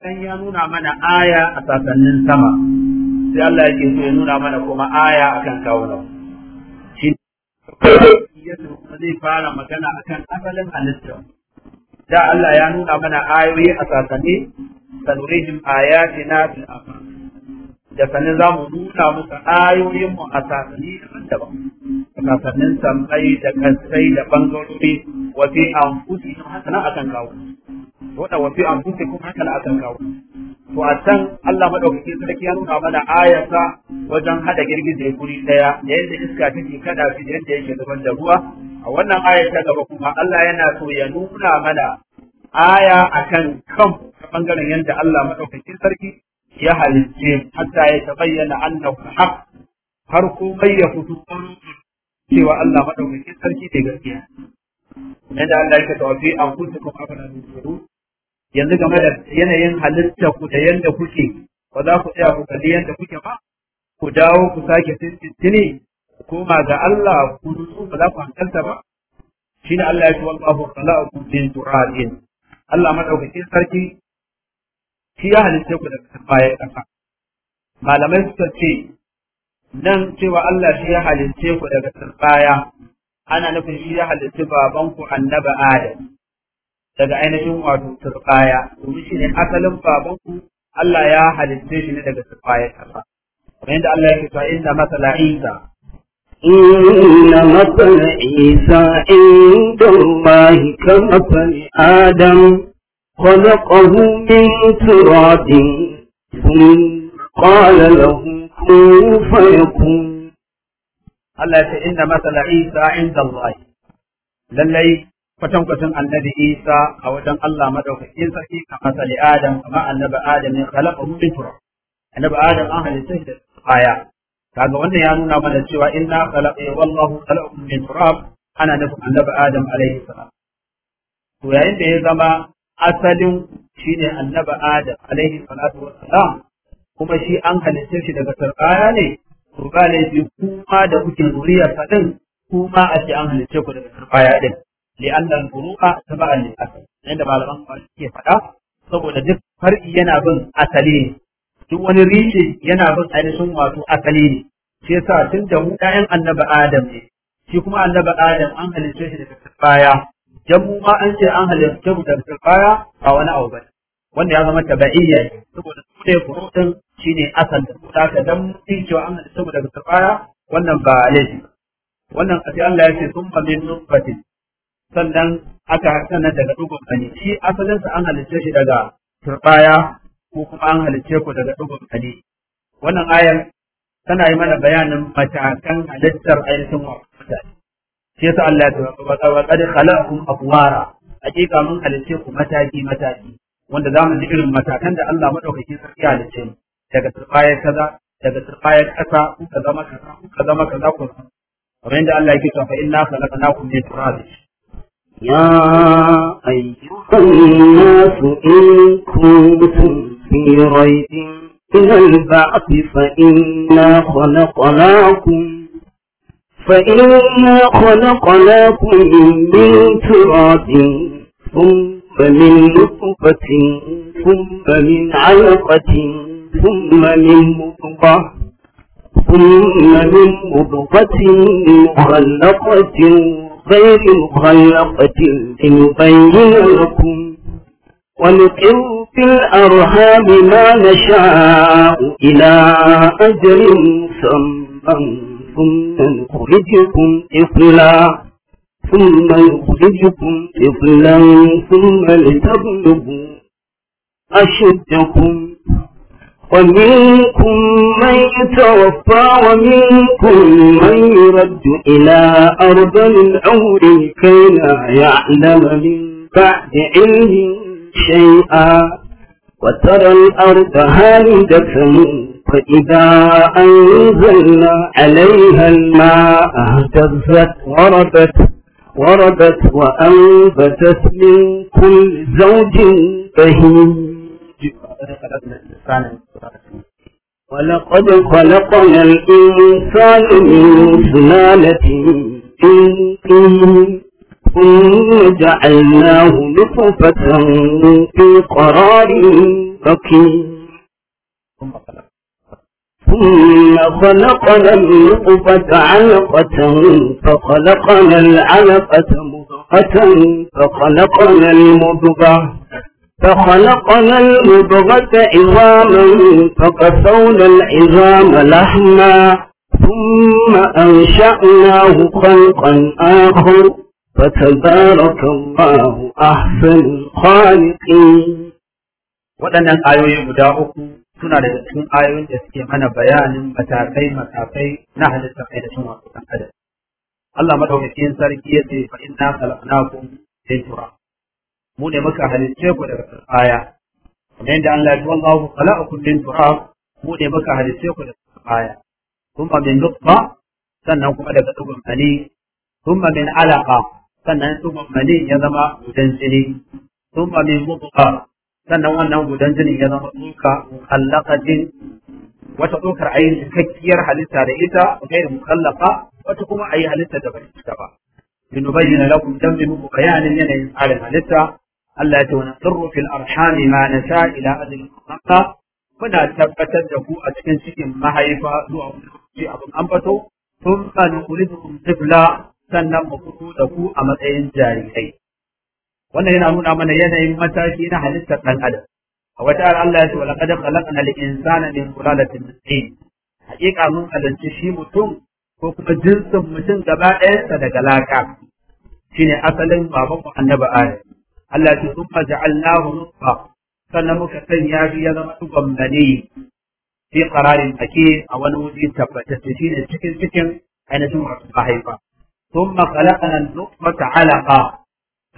dan ya nuna mana aya a sasannin sama sai Allah yake so ya nuna mana kuma aya akan kawunan shi zai fara magana akan asalin halitta da Allah ya nuna mana ayoyi a sasanni sanurihim ayatina fil afaq da sanin za mu nuna musu ayoyin mu a sasanni daban-daban sasannin samai da kansai da bangarori wa fi anfusihim hasana akan kawunan wada an fi kuma haka la akan kawo to a can Allah maɗaukakin sarki ya nuna mana ayata wajen hada girgije guri daya da yadda iska take kada fi da yadda yake zuban da ruwa a wannan ayata gaba kuma Allah yana so ya nuna mana aya akan kan bangaren yadda Allah maɗaukakin sarki ya halicce hatta ya tabayyana annahu haqq har komai ya fito cewa Allah madaukakin sarki ne gaskiya. Yadda Allah ya tawafi an kunta kuma abana da tsoro yanzu game da yanayin halittar ku da yadda kuke ba za ku tsaya ku kalli yadda kuke ba ku dawo ku sake tintintini ku koma ga Allah ku nutsu ba za ku hankalta ba shine Allah ya ce wallahu khalaqakum min turabin Allah madaukakin sarki shi ya halitta ku daga bayan ƙasa malamai suka ce nan cewa Allah shi ya halitta ku daga tsirɓaya ana nufin shi ya halitta babanku Annabi Adam daga ainihin wato turkaya domin shi ne asalin babanku Allah ya halitta shi ne daga turkaya kasa kamar yadda Allah ya yake cewa inna masala Isa inna masala Isa inda Allah kama Adam خلقه من تراب ثم قال له كن فيكون Allah ya ce inna masala Isa inda Allah lallai kwatankwacin annabi Isa a wajen Allah madaukakin sarki kamar sali Adam kamar annabi Adam ne khalaqa min turab annabi Adam an halitta shi da aya kaga wannan ya nuna mana cewa inna khalaqa wallahu khalaqakum min turab ana nufin annabi Adam alaihi salam to yayin da ya zama asalin shi ne annabi Adam alaihi salatu wassalam kuma shi an halitta shi daga sarƙaya ne to ba laifi kuma da kuke zuriyar sa din kuma a ce an halitta ku daga sarƙaya din li'anna al-furu'a taba'a lil asal inda malaman kwari ke faɗa saboda duk far'i yana bin asali ne duk wani rishi yana bin ainihin wato asali ne shi yasa tun da mu ɗayan annabi adam ne shi kuma annabi adam an halitta shi daga baya dan mu ma an ce an halitta mu daga baya ba wani abu bane wanda ya zama tabi'iyya ne saboda su ne furu'in shine asal da haka dan mun cewa an halitta mu daga baya wannan ba laifi wannan sai Allah ya ce sun fa min nutfatin sannan aka sannan daga dugun kani shi sa an halicce shi daga turbaya ko kuma an halicce ku daga dugun kani wannan ayar tana yi mana bayanin matakan halittar ainihin wa shi yasa Allah ya ce wa qad khalaqakum aqwara hakika mun halicce ku mataki mataki wanda zamu ji irin matakan da Allah madaukakin sarki ya halicce daga turbaya kaza daga turbaya kasa kuka zama kaza ku zama kaza ku kamar yadda Allah yake cewa inna khalaqnakum min turabin يا أيها الناس إن كنتم في ريب من البعث فإنا خلقناكم فإنا خلقناكم من تراب ثم من نطفة ثم من علقة ثم من مضغة ثم من مضغة مخلقة غير مغلقة لنبين لكم ونقر في الأرهاب ما نشاء إلى أجل مسمى ثم نخرجكم طفلا ثم نخرجكم طفلا ثم لتبلغوا أشدكم ومنكم من يتوفى ومنكم من يرد إلى أرض العمر كي لا يعلم من بعد علم شيئا وترى الأرض هامدة فإذا أنزلنا عليها الماء اهتزت وربت وربت وأنبتت من كل زوج بهيج الإنسان ولقد خلقنا الإنسان من سلالة ثم جعلناه نطفة في قرار مكين ثم خلقنا النطفة علقة فخلقنا العلقة مضغة فخلقنا المضغة فخلقنا المضغة عظاما فقسونا العظام لحما ثم أنشأناه خلقا آخر فتبارك الله أحسن الخالقين waɗannan ayoyi guda uku suna daga cikin ayoyin da suke mana bayanin matakai matakai na halitta kai da cin wasu kan adam Allah madaukakin sarki ya ce fa inna khalaqnakum min turab mu ne muka halitta ku daga tsaya kamar yadda Allah ya ce wallahu khalaqakum min turab mu ne muka halitta ku daga tsaya kuma min nutfa sannan kuma daga tsugun mani kuma min alaqa sannan tsugun mani ya zama gudan jini kuma min mutfa sannan wannan gudan jinin ya zama tsoka mukallaqatin wata tsokar a yi cikakkiyar halitta da ita gairi mukallafa wata kuma a yi halitta da bai cika ba. Bin bayyana lakum dan bi muku bayanin yanayin tsarin halitta Allah ya ce wani tsirru fil arhami ma na sha ila ajalin musamma muna tabbatar da ku a cikin cikin mahaifa zuwa wani lokaci abin an bato sun ba ni kulikum tifla sannan mu fito da ku a matsayin jarirai wannan yana nuna mana yanayin mataki na halittar ɗan adam a wata ayar Allah ya ce wala qad khalaqna al-insana min sulalatin min haƙiƙa mun halarci shi mutum ko kuma jinsin mutum gaba ɗayansa daga laka shine asalin baban mu annabi Adam التي ثم جعلناه نطفة سلمك كان ياجي يلما تغمني في قرار مكين أو نوجي تبتسجين السكن سكن أنا سمعت قهيفة ثم خلقنا النطفة علقة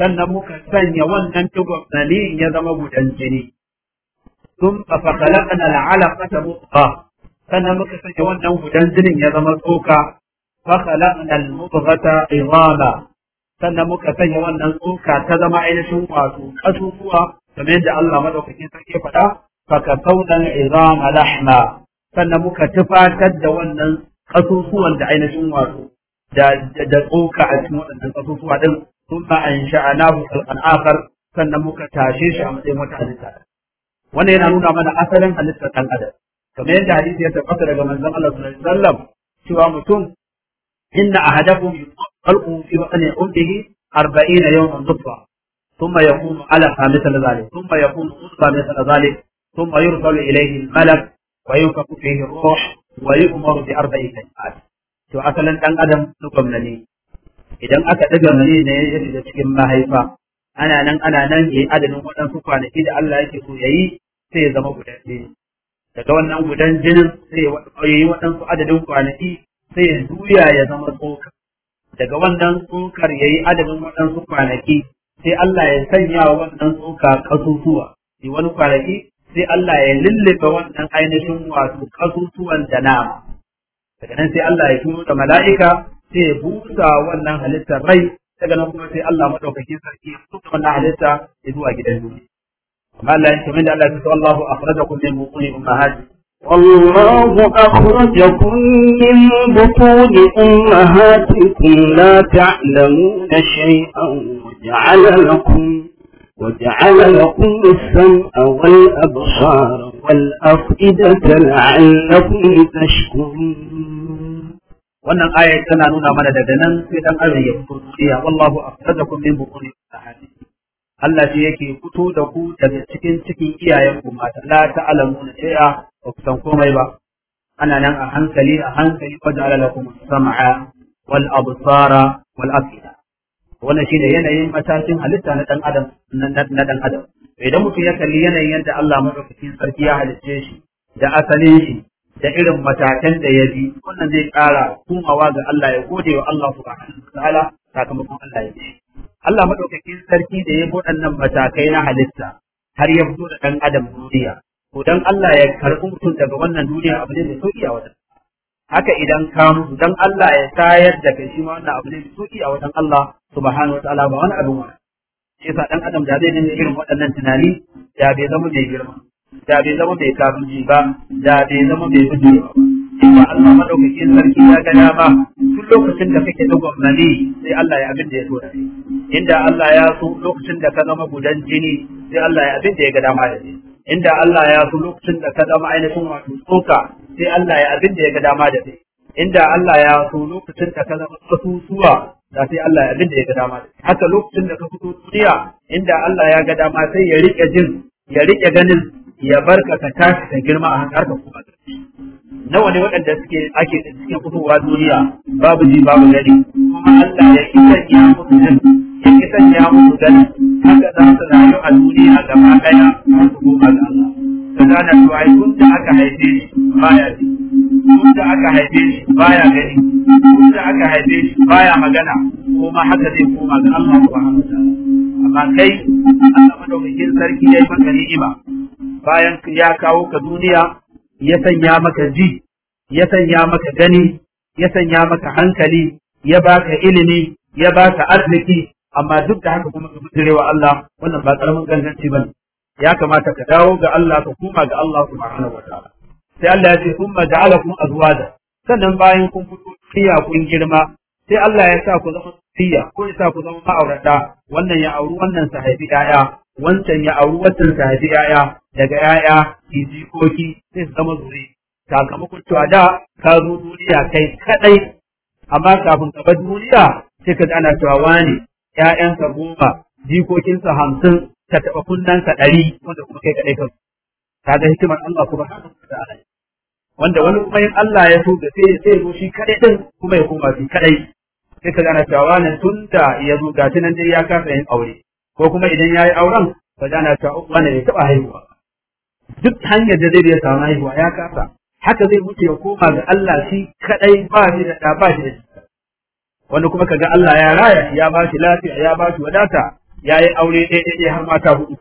سلمك كان يوانا تغمني يلما تنجني ثم فخلقنا العلقة مطقة سلمك كان يوانا تغمني يلما فخلقنا المطغة عظاما sannan muka sanya wannan tsoka ta zama ainihin wato kasusuwa kamar yadda Allah madaukakin sarki faɗa faka saunan izam lahma sannan muka tufatar da wannan kasusuwan da ainihin wato da da tsoka a cikin wannan kasusuwa din sun ba an sha'anahu kalkan akar sannan muka tashe shi a matsayin wata halitta wannan yana nuna mana asalin halittar ɗan adam kamar yadda hadisi ya tabbata daga manzon Allah sallallahu alaihi wasallam cewa mutum inna ahadakum yuqa خلق في بطن أمه أربعين يوما نطفة ثم يكون على مثل ذلك ثم يكون أصفى مثل ذلك ثم يرسل إليه الملك وينفق فيه الروح ويؤمر بأربع كلمات شو أصلا كان أدم نقم لني إذا أتى أدم لني نيجي لتكين ما هيفا أنا نن أنا نن هي أدم ودم فقان إذا الله يكفو يي سي زمو بدنجين تتوانا ودنجين سي ودنجين ودنجين ودنجين ودنجين ودنجين ودنجين ودنجين ودنجين daga wannan tsokar yayi adadin waɗansu kwanaki sai Allah ya sanya wa wannan tsoka ƙasusuwa. sai wani kwanaki sai Allah ya lullufa wannan ainihin wasu kasusuwan da nama daga nan sai Allah ya turo da mala'ika sai ya busa wannan halittar rai daga nan kuma sai Allah madaukakin sarki ya fito wannan halitta ya zuwa gidan duniya amma Allah ya tsammin da Allah ya tsawo Allah akhrajakum min butuni ummahatikum والله أخرجكم من بطون أمهاتكم لا تعلمون شيئا وجعل لكم, وجعل لكم السمع والأبصار والأفئدة لعلكم تشكرون wannan ayar tana nuna mana daga nan sai dan arziki ya wallahu akhrajakum min bukuni Allah sai yake fito da ku daga cikin cikin iyayen ku mata la ta'lamu na shay'a ba ku san komai ba ana nan a hankali a hankali fa ja'ala lakum sam'a wal absara wal afida wannan shine yanayin matakin halitta na dan adam na dan adam idan mutum ya kalli yanayin yadda Allah madaukakin sarki ya halicce shi da asalin shi da irin matakan da ya bi wannan zai ƙara kumawa ga Allah ya gode wa Allah subhanahu ta'ala sakamakon Allah ya ce Allah madaukakin sarki da ya waɗannan matakai na halitta har ya fito da ɗan adam duniya to dan Allah ya karɓi mutum daga wannan duniya abu ne mai sauki a wajen haka idan ka mutu dan Allah ya tayar da kai shi ma wannan abu ne mai sauki a wajen Allah subhanahu ta'ala ba wani abin wani shi sa ɗan adam da zai dinga irin waɗannan tunani da bai zama mai girma da bai zama mai kafirci ba da bai zama mai fito ba amma Allah madaukakin sarki ya ga dama tun lokacin da kake da gwamnati sai Allah ya abin da ya so da inda Allah ya so lokacin da ka zama gudan jini sai Allah ya abin da ya ga dama da kai inda Allah ya so lokacin da ka zama ainihin wato tsoka sai Allah ya abin da ya ga dama da kai inda Allah ya so lokacin da ka zama kasusuwa da sai Allah ya abin da ya ga dama da kai haka lokacin da ka fito duniya inda Allah ya ga dama sai ya rike jin ya rike ganin ya barka ka tashi da girma a harkar kuma nawa ne waɗanda suke ake cikin fitowa duniya babu ji babu gani kuma Allah ya ki sanya musu din ya ki sanya musu gani haka za su rayu a duniya gaba ɗaya su koma ga Allah ka gane to ai kun da aka haife shi baya ji kun da aka haife shi baya gani kun da aka haife shi baya magana kuma haka zai koma ga Allah subhanahu wa ta'ala amma kai Allah madaukakin sarki yayi maka ni'ima bayan ya kawo ka duniya ya sanya maka ji ya sanya maka gani ya sanya maka hankali ya baka ilimi ya baka arziki amma duk da haka kuma ka bijire Allah wannan ba karamin ganganci bane ya kamata ka dawo ga Allah ka koma ga Allah subhanahu wataala sai Allah ya ce kuma ja'alakum azwaja sannan bayan kun fito kun girma sai Allah ya sa ku zama tiya ko ya sa ku zama ma'aurata wannan ya auri wannan sahibi yaya wancan ya auri wancan ta haifi yaya daga yaya ke jikoki sai su zama zuri sakamakon cewa da ka zo duniya kai kadai amma kafin ka bar duniya sai ka ana cewa wani ƴaƴansa goma jikokinsa hamsin ka taɓa kunnansa ɗari wanda kuma kai kadai ka ka ga hikimar Allah kuma ta'ala wanda wani kuma in Allah ya so da sai sai zo shi kadai din kuma ya koma shi kadai sai ka ana cewa wani tunda ya zo ga nan dai ya kasa yin aure ko kuma idan ya yi auren ba na ta uwa ya taɓa haihuwa duk hanyar da zai biya samu haihuwa ya kasa haka zai wuce ya koma ga Allah shi kadai ba shi da ba shi da jika wani kuma kaga Allah ya raya ya ba shi lafiya ya ba shi wadata ya yi aure ɗaya har mata hudu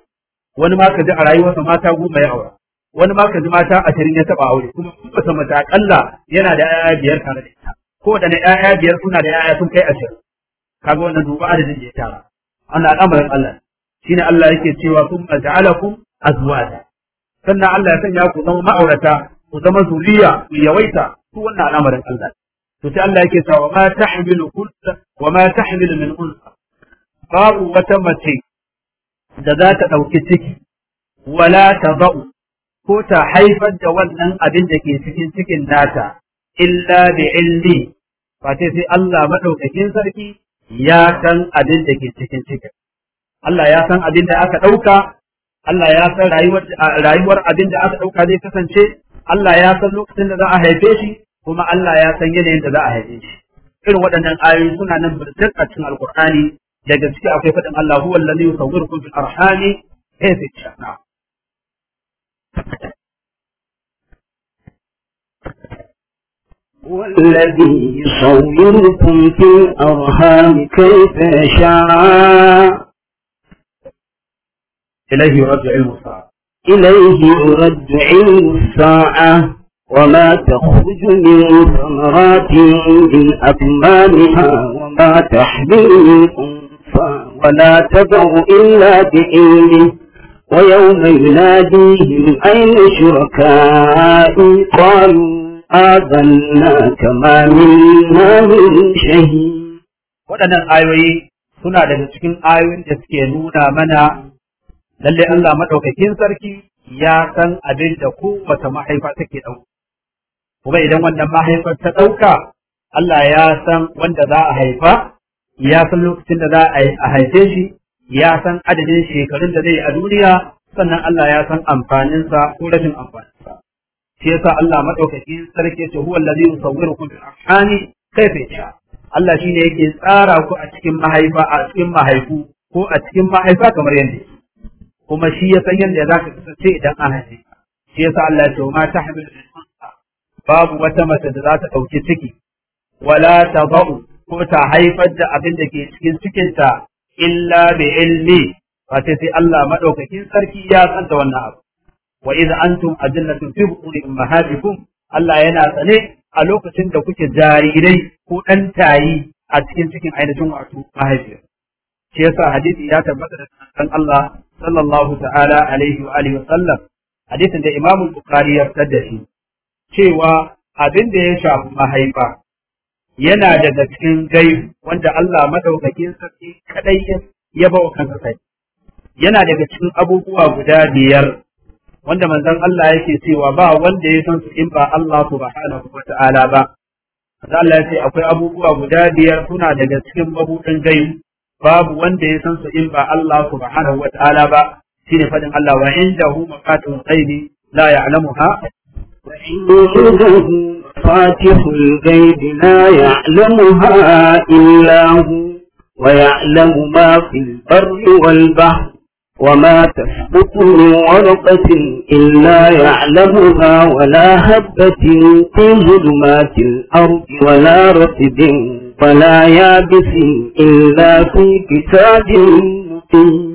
wani ma ka ji a rayuwarsa mata goma ya aura wani ma ka ji mata ashirin ya taɓa aure kuma kusa mata akalla yana da 'ya'ya biyar tare da ita ko da na 'ya'ya biyar suna da 'ya'ya sun kai ashirin kaga wannan duba adadin da ya tara Ana al'amarin Allah shine Allah yake cewa kun aj'alakum azwaja sannan Allah ya sanya ku zama ma'aurata ku zama zuriya ku yawaita su wannan al'amarin Allah to sai Allah yake cewa ma tahmilu kunta wa ma tahmilu min unsa babu wata mace da za ta ɗauki ciki wala ta ba'u ko ta haifar da wannan abin da ke cikin cikin nata illa bi ilmi fa sai Allah madaukakin sarki ya san abin da ke cikin cikin Allah ya san abin da aka ɗauka Allah ya san rayuwar abin da aka ɗauka zai kasance Allah ya san lokacin da za a haife shi kuma Allah ya san yanayin da za a haife shi irin waɗannan ayoyi suna nan birjir a cikin alkur'ani daga ciki akwai faɗin Allah huwa allazi yusawwirukum fil arhami kayfa yasha والذي يصوركم في الأرحام كيف شاء إليه يرد علم الساعة إليه يرد علم الساعة وما تخرج من ثمرات من أكمامها وما تحمل من أنفا ولا تدع إلا بإلمه ويوم يناديهم أين شركائي قالوا آذناك ما منا من شهيد waɗannan ayoyi suna daga cikin ayoyin da suke nuna mana lalle Allah maɗaukakin sarki ya san abin da kowace mahaifa take ɗauka. Kuma idan wannan mahaifar ta ɗauka, Allah ya san wanda za a haifa, ya san lokacin da za a haife shi, ya san adadin shekarun da zai a duniya, sannan Allah ya san amfaninsa ko rashin amfaninsa. shi yasa Allah madaukakin sarki ce huwa allazi yusawwirukum fil arhami kayfa yasha Allah shine yake tsara ku a cikin mahaifa a cikin mahaifu ko a cikin mahaifa kamar yadda kuma shi ya san yadda zaka kasance idan an haife shi yasa Allah ya ce ma tahmil babu wata mace da za ta dauki ciki wala tadau ko ta haifar da abin da ke cikin cikinta illa bi ilmi wace sai Allah madaukakin sarki ya san da wannan abu wa idza antum ajillatun fi butuni ummahatikum Allah yana tsane a lokacin da kuke jarirai ko dan tayi a cikin cikin ainihin wato mahaifiya shi yasa hadisi ya tabbata da kan Allah sallallahu ta'ala alaihi wa alihi wa hadisin da Imam Bukhari ya cewa abin da ya shafi mahaifa yana daga cikin gai wanda Allah madaukakin sarki kadai ya bawa kansa sai yana daga cikin abubuwa guda biyar wanda manzon Allah yake cewa ba wanda ya san su in ba Allah subhanahu wa ta'ala ba Allah ya ce akwai abubuwa guda biyar suna daga cikin mabudin gayu babu wanda ya san su in ba Allah subhanahu wa ta'ala ba shine fadin Allah wa indahu maqatul ghaibi la ya'lamuha wa indahu فاتح الغيب لا يعلمها إلا هو ويعلم ما في البر والبحر وما تسقط من ورقة إلا يعلمها ولا هبة في ظلمات الأرض ولا رتب ولا يابس إلا في كتاب مبين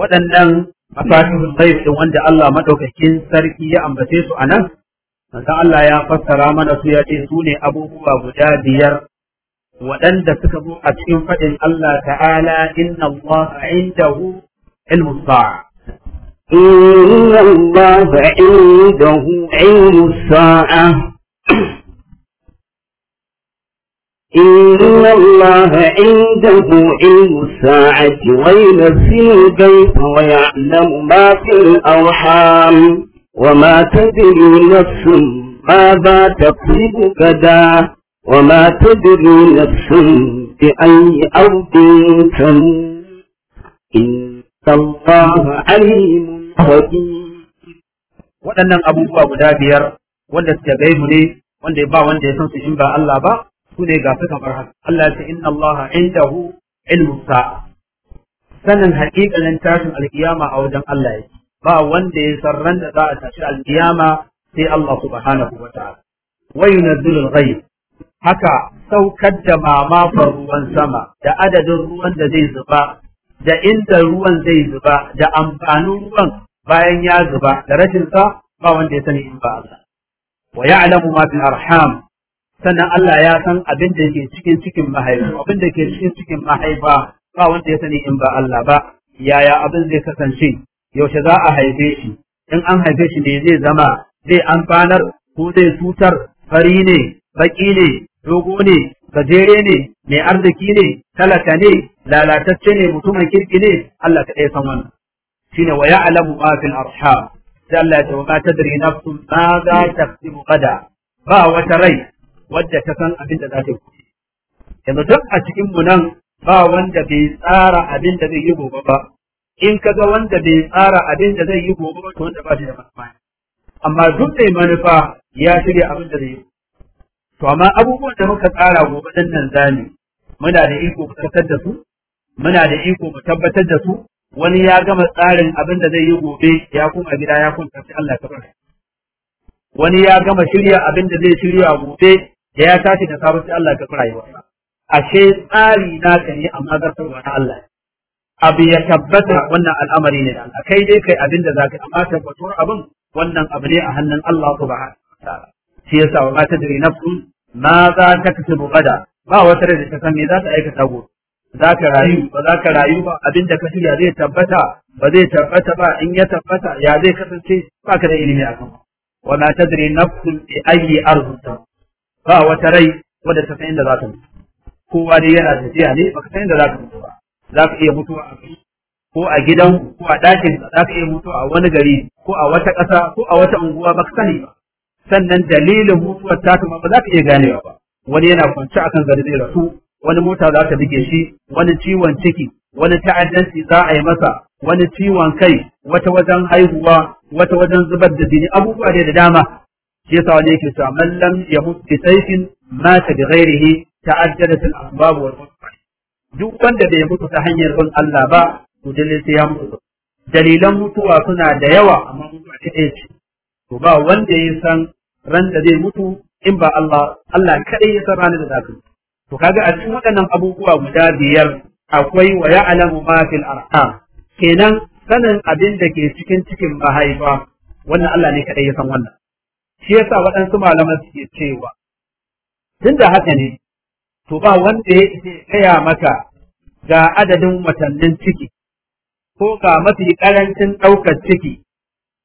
waɗannan mafatihul ghaib din wanda Allah madaukakin sarki ya ambace su nan? manzo Allah ya fassara mana su ya ce su abubuwa guda biyar waɗanda suka zo a cikin faɗin Allah ta'ala inna Allah indahu ilmu sa'a إن الله عنده علم الساعة إن الله عنده علم الساعة وينزل البيت ويعلم ما في الأرحام وما تدري نفس ماذا تكسب كذا وما تدري نفس بأي أرض تموت إن الله عليم خبير waɗannan abubuwa guda biyar wanda suke gaibu ne wanda ba wanda ya san su in ba Allah ba su ne ga suka bar haka Allah ya ce inna Allah indahu ilmu sa'a sanin haƙiƙanin tashin alkiyama a wajen Allah yake ba wanda ya san ran da za a tashi alkiyama sai Allah subhanahu wa ta'ala wa yunzilul ghaib haka saukar da mamakon ruwan sama da adadin ruwan da zai zuba da inda ruwan zai zuba da amfanin ruwan bayan ya zuba da rashin sa ba wanda ya sani in ba Allah wa ya'lamu ma fil arham sannan Allah ya san abin da ke cikin cikin mahaifa abin da ke cikin cikin mahaifa ba wanda ya sani in ba Allah ba yaya abin zai kasance yaushe za a haife shi in an haife shi ne zai zama zai amfanar ko zai cutar fari ne baki ne dogo ne gajere ne mai arziki ne talaka ne lalatacce ne mutumin kirki ne Allah ka san wannan shine wa ya'lamu ma fil arham sai Allah ya tabbata tadri nafsun ma za taksibu qada ba wata rai wadda ta san abin da za ta yi yanzu duk a cikin mu nan ba wanda bai tsara abin da zai yi gobe ba in ka ga wanda bai tsara abin da zai yi gobe ba to wanda ba shi da manufa amma duk mai manufa ya shirya abin da zai yi to amma abubuwan da muka tsara gobe dan nan zani muna da iko mu tabbatar da su muna da iko mu tabbatar da su wani ya gama tsarin abin da zai yi gobe ya kuma gida ya kwanta sai Allah ta barka wani ya gama shirya abin da zai shirya gobe da ya tashi da sabon Allah ta kafa rayuwarsa ashe tsari na ka ne amma zartarwa na Allah abu ya tabbata wannan al'amari ne da Allah kai dai kai abin da zaka amma tabbatar abin wannan abu ne a hannun Allah subhanahu wa ta'ala shi yasa wa ta dare nafsun ma za ta kasu bada ba wata da ta san me za ta aikata gobe za ka rayu ba za ka rayu ba abin da ka shirya zai tabbata ba zai tabbata ba in ya tabbata ya zai kasance ba ka da ilimi a kan wa ma tadri nafsun bi arzu ta ba wata rai wadda ta san inda za ta mutu kowa dai yana tafiya ne ba ka san inda za ka mutu ba za ka iya mutuwa a kai ko a gidan ko a ɗakin za ka iya mutuwa a wani gari ko a wata ƙasa ko a wata unguwa Ba ka sani ba sannan dalilin mutuwar ta ba za ka iya ganewa ba wani yana kwance akan gari zai rasu wani mota za ta buge shi wani ciwon ciki wani ta'addanci za a yi masa wani ciwon kai wata wajen haihuwa wata wajen zubar da jini abubuwa dai da dama shi yasa wani yake cewa man lam yamut bi sayfin mata bi ghairihi ta'addadat al-asbab wal duk wanda bai mutu ta hanyar bin Allah ba to dalilin sai ya mutu dalilan mutuwa suna da yawa amma mutuwa ta ce to ba wanda ya san ran da zai mutu in ba Allah Allah kadai ya san ranar da za ta to kaga a cikin waɗannan abubuwa guda biyar akwai wa ya'lamu ma fil arham kenan sanin abin da ke cikin cikin mahaifa wannan Allah ne kadai ya san wannan shi yasa waɗansu malaman suke cewa tun da haka ne to ba wanda ya ce kaya maka ga adadin watannin ciki ko ga mafi karancin ɗaukar ciki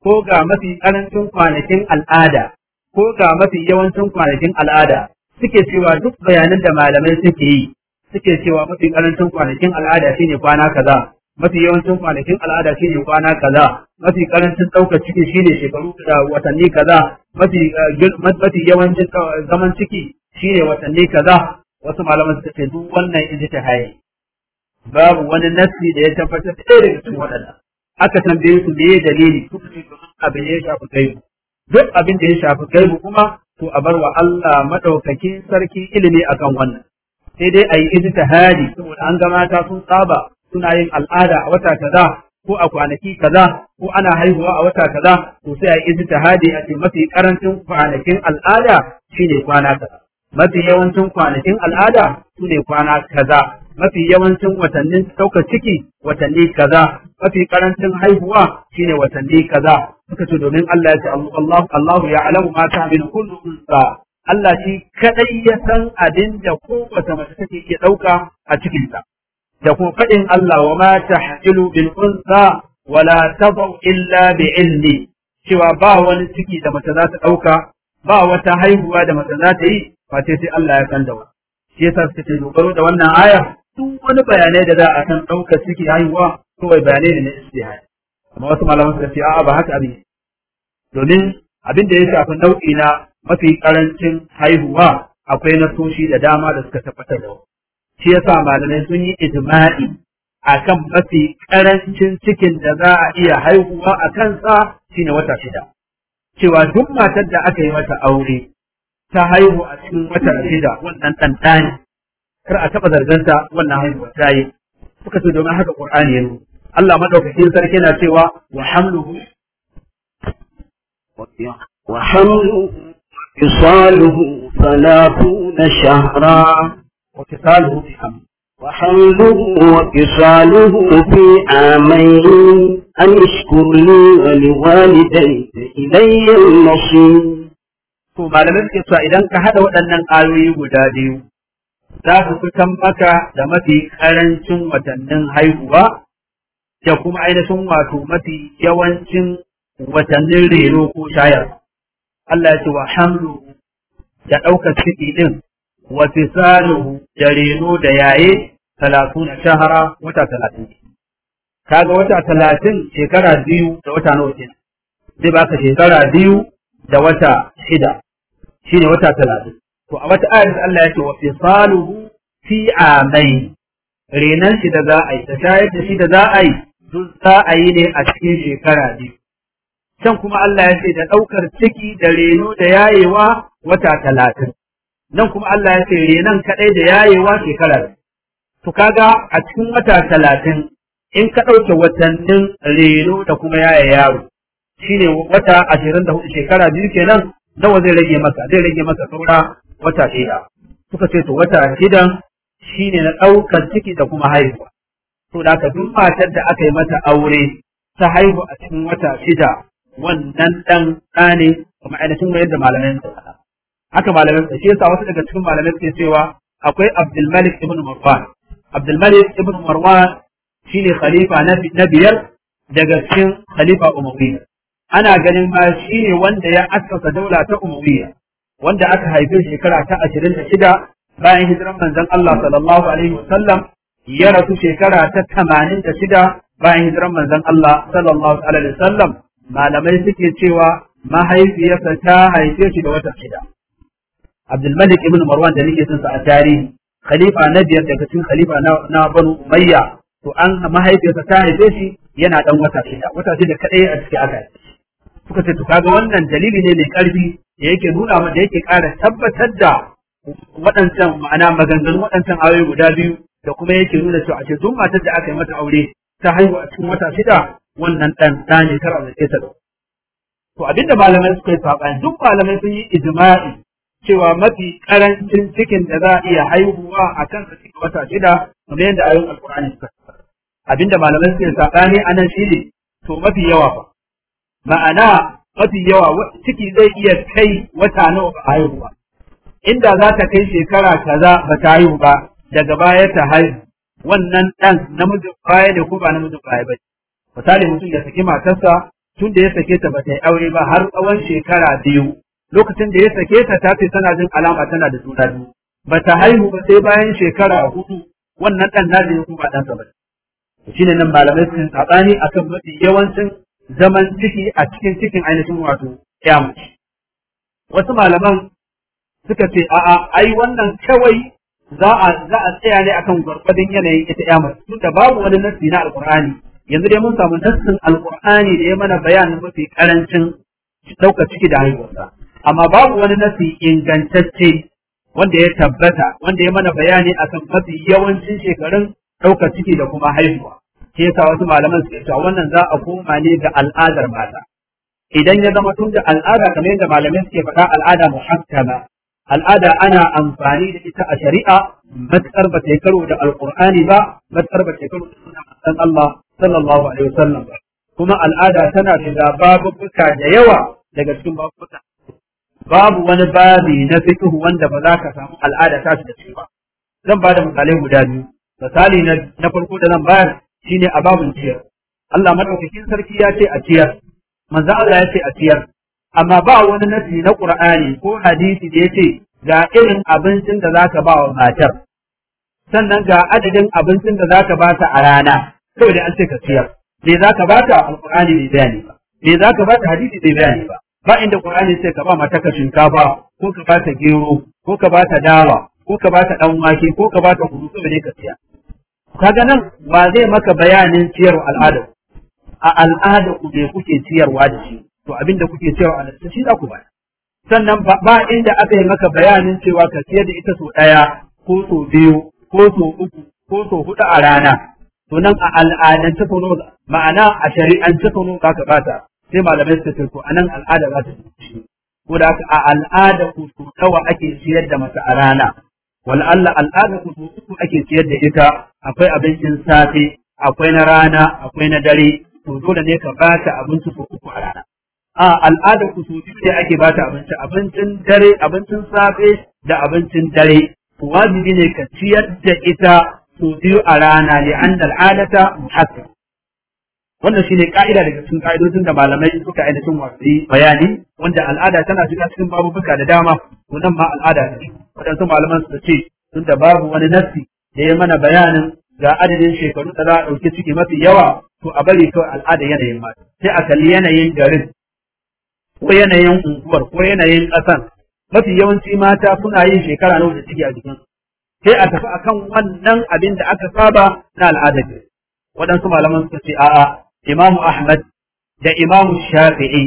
ko ga mafi karancin kwanakin al'ada ko ga mafi yawancin kwanakin al'ada suke cewa duk bayanan da malamai suke yi suke cewa mafi karancin kwanakin al'ada shine kwana kaza mafi yawancin kwanakin al'ada shine kwana kaza mafi karancin ɗaukar ciki shine shekaru da watanni kaza mafi yawancin zaman ciki shine watanni kaza wasu malamai suka ce duk wannan ijtihadi babu wani nassi da ya tabbatar da irin su waɗanda aka tambaye su ya dalili suka su domin abin ya shafi kai duk abin da ya shafi gaibu kuma to a bar wa Allah madaukakin sarki ilimi akan wannan sai dai a yi ijtihadi saboda an ga mata sun saba suna yin al'ada a wata kaza ko a kwanaki kaza ko ana haihuwa a wata kaza to sai a yi ijtihadi a ce mafi karancin kwanakin al'ada shine kwana kaza mafi yawancin kwanakin al'ada su kwana kaza mafi yawancin watannin ɗaukar ciki watanni kaza mafi karancin haihuwa shine watanni kaza suka ce domin Allah ya ce Allah ya alamu ma tahmilu kullu unsa Allah shi kadai ya san abin da kowace mace take iya ɗauka a cikinta da kuma faɗin Allah wa ma tahmilu bil unsa wala tadau illa bi ilmi cewa ba wani ciki da mace za ta ɗauka ba wata haihuwa da mace za ta yi face sai Allah ya san da wani shi yasa suka dogaro da wannan aya duk wani bayanai da za a kan ɗaukar ciki haihuwa kawai bayanai ne na istihad amma wasu malaman suka ce a'a ba haka abin domin abin da ya shafi nau'i na mafi karancin haihuwa akwai nasoshi da dama da suka tabbatar da shi yasa malamai sun yi ijma'i akan mafi karancin cikin da za a iya haihuwa a kansa shine wata shida cewa duk matar da aka yi mata aure ta haihu a cikin wata shida wannan ɗan kar a taɓa zarganta wannan haihuwa ta yi suka ce domin haka qur'ani ya Allah madaukakin sarki na cewa wa hamluhu wa hamluhu fisaluhu thalathuna shahra wa fisaluhu fi haml وحمله وفصاله في عامين أن اشكر لي ولوالديك إلي المصير to malamin ke cewa idan ka haɗa waɗannan ayoyi guda biyu za su fi maka da mafi karancin watannin haihuwa da kuma ainihin wato mafi yawancin watannin reno ko shayar. Allah ya ce wa hamlu da ɗaukar ciki ɗin wa fisaluhu da reno da yaye talatin shahara wata talatin. Kaga wata talatin shekara biyu da wata nawa kenan. Zai baka shekara biyu da wata shida. Shi ne wata talatin. to a wata ayar Allah yake wa fisaluhu fi amai renan shi da za a yi da shayar da shi da za a yi duk za a yi ne a cikin shekara biyu can kuma Allah ya ce da ɗaukar ciki da reno da yayewa wata talatin nan kuma Allah ya ce renan kaɗai da yayewa shekara to kaga a cikin wata talatin in ka ɗauke watannin reno da kuma yaye yaro shine wata ashirin da hudu shekara biyu kenan nawa zai rage masa zai rage masa saura wata shida suka ce to wata shidan shine na ɗaukar ciki da kuma haihuwa to da ka duk matar da aka yi mata aure ta haihu a cikin wata shida wannan dan, ɗa kuma ainihin wayar da malamai suka haka malamai shi yasa wasu daga cikin malamai suke cewa akwai Abdulmalik ibn Marwan Abdulmalik ibn Marwan shine khalifa na biyar daga cikin khalifa Umayyad ana ganin ma shine wanda ya assasa daula ta Umayyad wanda aka haife shekara ta ashirin da shida bayan hijiran manzon Allah sallallahu alaihi wasallam ya rasu shekara ta tamanin da shida bayan hijiran manzon Allah sallallahu alaihi wasallam malamai suke cewa mahaifiyarsa ta haife shi da wata shida Abdulmalik ibn Marwan da nake son a tarihi khalifa na biyar daga cikin khalifa na Banu Umayya to an mahaifiyarsa ta haife shi yana dan wata shida wata shida kadai a cikin aka suka ce to kaga wannan dalili ne mai karfi da yake nuna mana da yake ƙara tabbatar da waɗancan ma'ana maganganun waɗancan ayoyi guda biyu da kuma yake nuna cewa a ce duk matar da aka yi mata aure ta haihu a cikin wata shida wannan ɗan ɗa ne kar a zake ta to abinda malamai suka yi saɓani duk malamai sun yi ijma'i cewa mafi karancin cikin da za a iya haihuwa a kan cikin wata shida kamar yadda ayoyin alkur'ani suka abinda malamai suke saɓani a nan shine to mafi yawa ba. ma'ana mafi yawa ciki zai iya kai wata nawa ba haihu ba inda za ta kai shekara kaza ba ta haihu ba daga baya ta haihu wannan dan namijin baya ne ko ba namijin baya ba misali mutum ya saki matarsa tun da ya sake ta ba ta yi aure ba har tsawon shekara biyu lokacin da ya sake ta ta ce tana jin alama tana da juna biyu ba ta haihu ba sai bayan shekara hudu wannan dan na da ya ba ɗansa ba shine nan malamai sun tsakani akan mafi yawancin zaman ciki a cikin cikin ainihin wato ya wasu malaman suka ce a'a ai wannan kawai za a tsaya ne akan gwargwadon yanayin ita ya mace da babu wani nassi na Alƙur'ani, yanzu dai mun samu nassin Alƙur'ani da ya mana bayanin mafi karancin ɗaukar ciki da haihuwarsa amma babu wani nassi ingantacce wanda ya tabbata wanda ya mana bayani akan mafi yawancin shekarun ɗaukar ciki da kuma haihuwa shi yasa wasu malaman suke cewa wannan za a koma ne ga al'adar mata idan ya zama tun da al'ada kamar yadda malamai suke faɗa al'ada muhakkama al'ada ana amfani da ita a shari'a matsar ba ta karo da alqur'ani ba matsar ba ta karo da sunan Allah sallallahu alaihi wasallam ba kuma al'ada tana shiga babubuka da yawa daga cikin babubuka babu wani babi na fiqh wanda ba za ka samu al'ada ta shiga ba zan ba da misalai guda biyu misali na farko da zan bayar shine a babun ciyar Allah madaukakin sarki ya ce a ciyar manzo Allah ya ce a ciyar amma ba wani nasi na Qur'ani ko hadisi da ya ce ga irin abincin da zaka ba wa matar sannan ga adadin abincin da zaka ba ta a rana kawai da an ce ka ciyar me zaka ba ta alqur'ani ne bayani ba me zaka ba ta hadisi bai bayani ba ba inda Qur'ani sai ka ba mata ka shinkafa ko ka ba ta gero ko ka ba ta dawa ko ka ba ta dan wake ko ka ba ta kunu kawai ne ka siya kaga nan ba zai maka bayanin ciyar al'ada a al'ada ku bai kuke ciyarwa da shi to abin da kuke ciyarwa al'ada shi za ku bayar sannan ba inda aka yi maka bayanin cewa ka ciyar da ita so ɗaya ko so biyu ko so uku ko so hudu a rana to nan a al'adance sono ma'ana a ta sono za ka bata sai malamai suka ce to nan al'ada za ta ci ko da a al'ada ku so nawa ake ciyar da mata a rana wal'alla al'ada ku uku ake siyar da ita akwai abincin safe akwai na rana akwai na dare to dole ne ka ba ta abinci ku uku a rana a al'ada ku su ne ake ba ta abinci abincin dare abincin safe da abincin dare wajibi ne ka ciyar da ita sau biyu a rana li'an al'adata muhakkam wannan shine ka'ida daga cikin ka'idojin da malamai suka ainihin wasu bayani wanda al'ada tana shiga cikin babu babubuka da dama wannan ma al'ada ne wadansu malaman su ce da babu wani nassi da ya mana bayanin ga adadin shekaru da za a ɗauki ciki mafi yawa to a bari kawai al'ada yanayin ma sai a kalli yanayin garin ko yanayin unguwar ko yanayin ƙasan mafi yawanci mata suna yin shekara nawa da ciki a jikin sai a tafi akan wannan abin da aka saba na al'ada ce waɗansu malaman suka ce a'a imamu ahmad da imamu shafi'i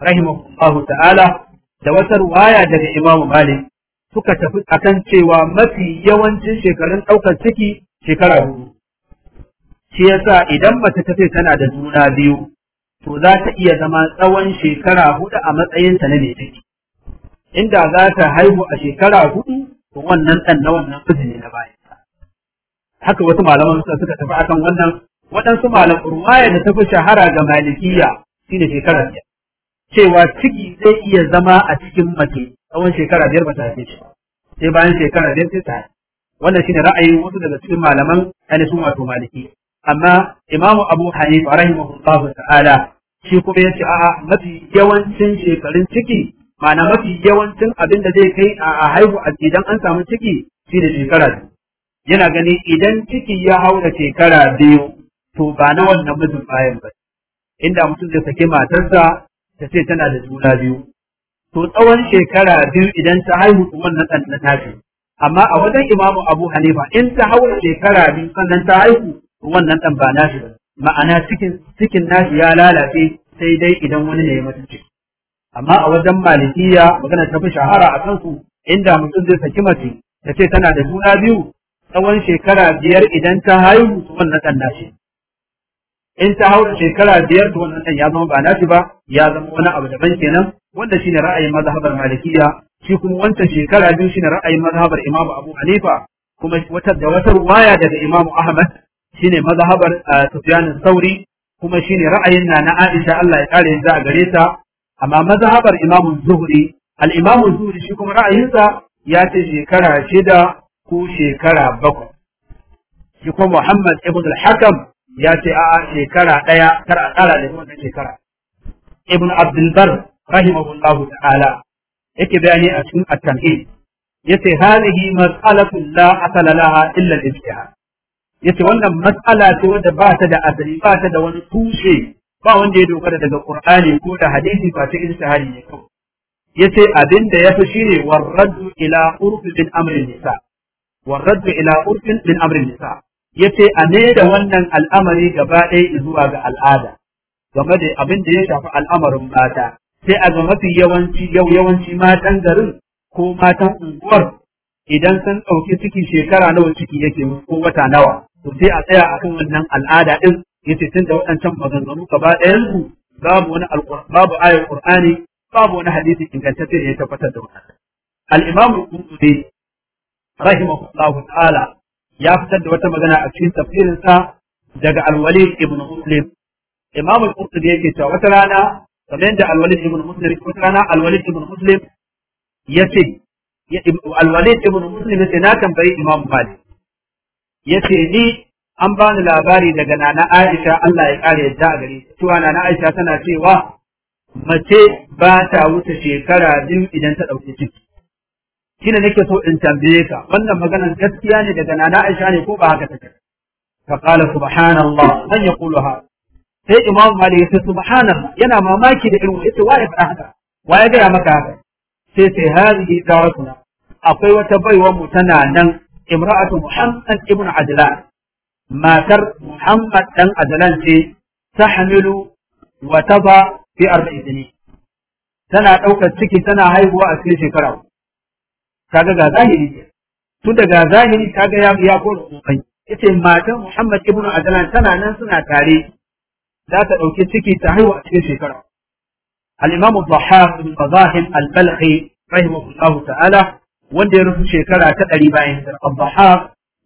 rahimahullahu ta'ala da wata ruwaya daga imamu malik suka tafi akan cewa mafi yawancin shekarun ɗaukar ciki shekara hudu shi yasa idan mace ta ce tana da juna biyu to za ta iya zama tsawon shekara hudu a ta na mai ciki inda za ta haihu a shekara hudu to wannan ɗan na wannan izini na bayan haka wasu malaman suka tafi akan wannan waɗansu malam ruwaya da tafi shahara ga malikiya shine shekara biyar cewa ciki zai iya zama a cikin mace tsawon shekara biyar ba ta haife shi sai bayan shekara biyar sai ta haife wannan shine ra'ayin wasu daga cikin malaman sun wato maliki amma imamu abu hanifa rahimahullahu ta'ala shi kuma ya ce a'a mafi yawancin shekarun ciki ma'ana mafi yawancin abin da zai kai a haihu a idan an samu ciki shi da shekara biyu yana gani idan ciki ya hau da shekara biyu to ba na wannan mijin bayan ba inda mutum zai sake matarsa ta ce tana da juna biyu to tsawon shekara biyu idan ta haihu wannan ɗan na tafi amma a wajen imamu abu hanifa in ta haura shekara biyu sannan ta haihu wannan ɗan ba nashi ba ma'ana cikin cikin nashi ya lalace sai dai idan wani ne ya mutu amma a wajen malikiya magana ta fi shahara a kansu inda mutum zai saki mace ta ce tana da juna biyu tsawon shekara biyar idan ta haihu wannan ɗan nashi in ta haura shekara biyar to wannan ɗan ya zama ba nashi ba ya zama wani abu daban kenan wanda shine ra'ayin mazhabar malikiya shi kuma wancan shekara biyu shine ra'ayin mazhabar imam abu hanifa kuma wata da wata waya daga imam ahmad shine mazhabar sufyan sauri kuma shine ra'ayin na na aisha Allah ya kare za a gare ta amma mazhabar imam zuhri al-imam zuhri shi kuma ra'ayinsa ya ce shekara shida ko shekara bakwai shi kuma muhammad ibn al-hakam ya ce a'a shekara ɗaya kar a ƙara da wannan shekara ibn abdul bar rahimahullahu ta'ala yake bayani a cikin at-tanhid yace hadhihi mas'alatu la asala laha illa al-ijtihad yace wannan mas'ala ce wanda ba ta da asali ba ta da wani tushe ba wanda ya dogara daga qur'ani ko da hadisi ba ta ijtihadi ne kawai yace abin da yafi shine warraddu ila urfin amrin nisa warraddu ila urfin min amrin nisa ya ce a ne da wannan al'amari gaba ɗaya zuwa ga al'ada game da abin da ya shafi al'amarin mata sai a ga mafi yawanci yau yawanci matan garin ko matan unguwar idan sun ɗauki ciki shekara nawa ciki yake ko wata nawa to sai a tsaya a kan wannan al'ada ɗin ce tun da waɗancan maganganu gaba ɗayan babu wani babu ayar qur'ani babu wani hadisi ingantacce da ya tabbatar da wannan al-imamu qurtubi rahimahullahu ta'ala ya fitar da wata magana a cikin tafsirinsa daga alwalid ibn muslim imamu al-qurtubi yake cewa wata alwalid ibn muslim wata rana na tambayi imam malik yace ni an bani labari daga nana aisha Allah ya kare yadda a gare cewa nana aisha tana cewa mace ba ta wuce shekara biyu idan ta ɗauki ciki shine nake so in tambaye ka wannan maganar gaskiya ne daga nana Aisha ne ko ba haka take fa qala subhanallah man yaqulu sai imam malik ya subhanallah yana mamaki da irin ita waye fa haka waye ga maka haka sai sai hadhihi daratuna akwai wata baiwa mu tana nan imra'atu muhammad ibn adlan matar muhammad dan adlan ce tahmilu wa taba fi arba'in tana daukar ciki tana haihuwa a cikin shekara kaga ga zahiri ke tun da ga zahiri kaga ya ya kora umai yace matan Muhammad ibnu Adlan tana nan suna tare za ta dauke ciki ta haihu a cikin shekara al-Imam Dhahhak al-Balqi rahimahullahu ta'ala wanda ya rufe shekara ta ɗari bayan hijira Dhahhak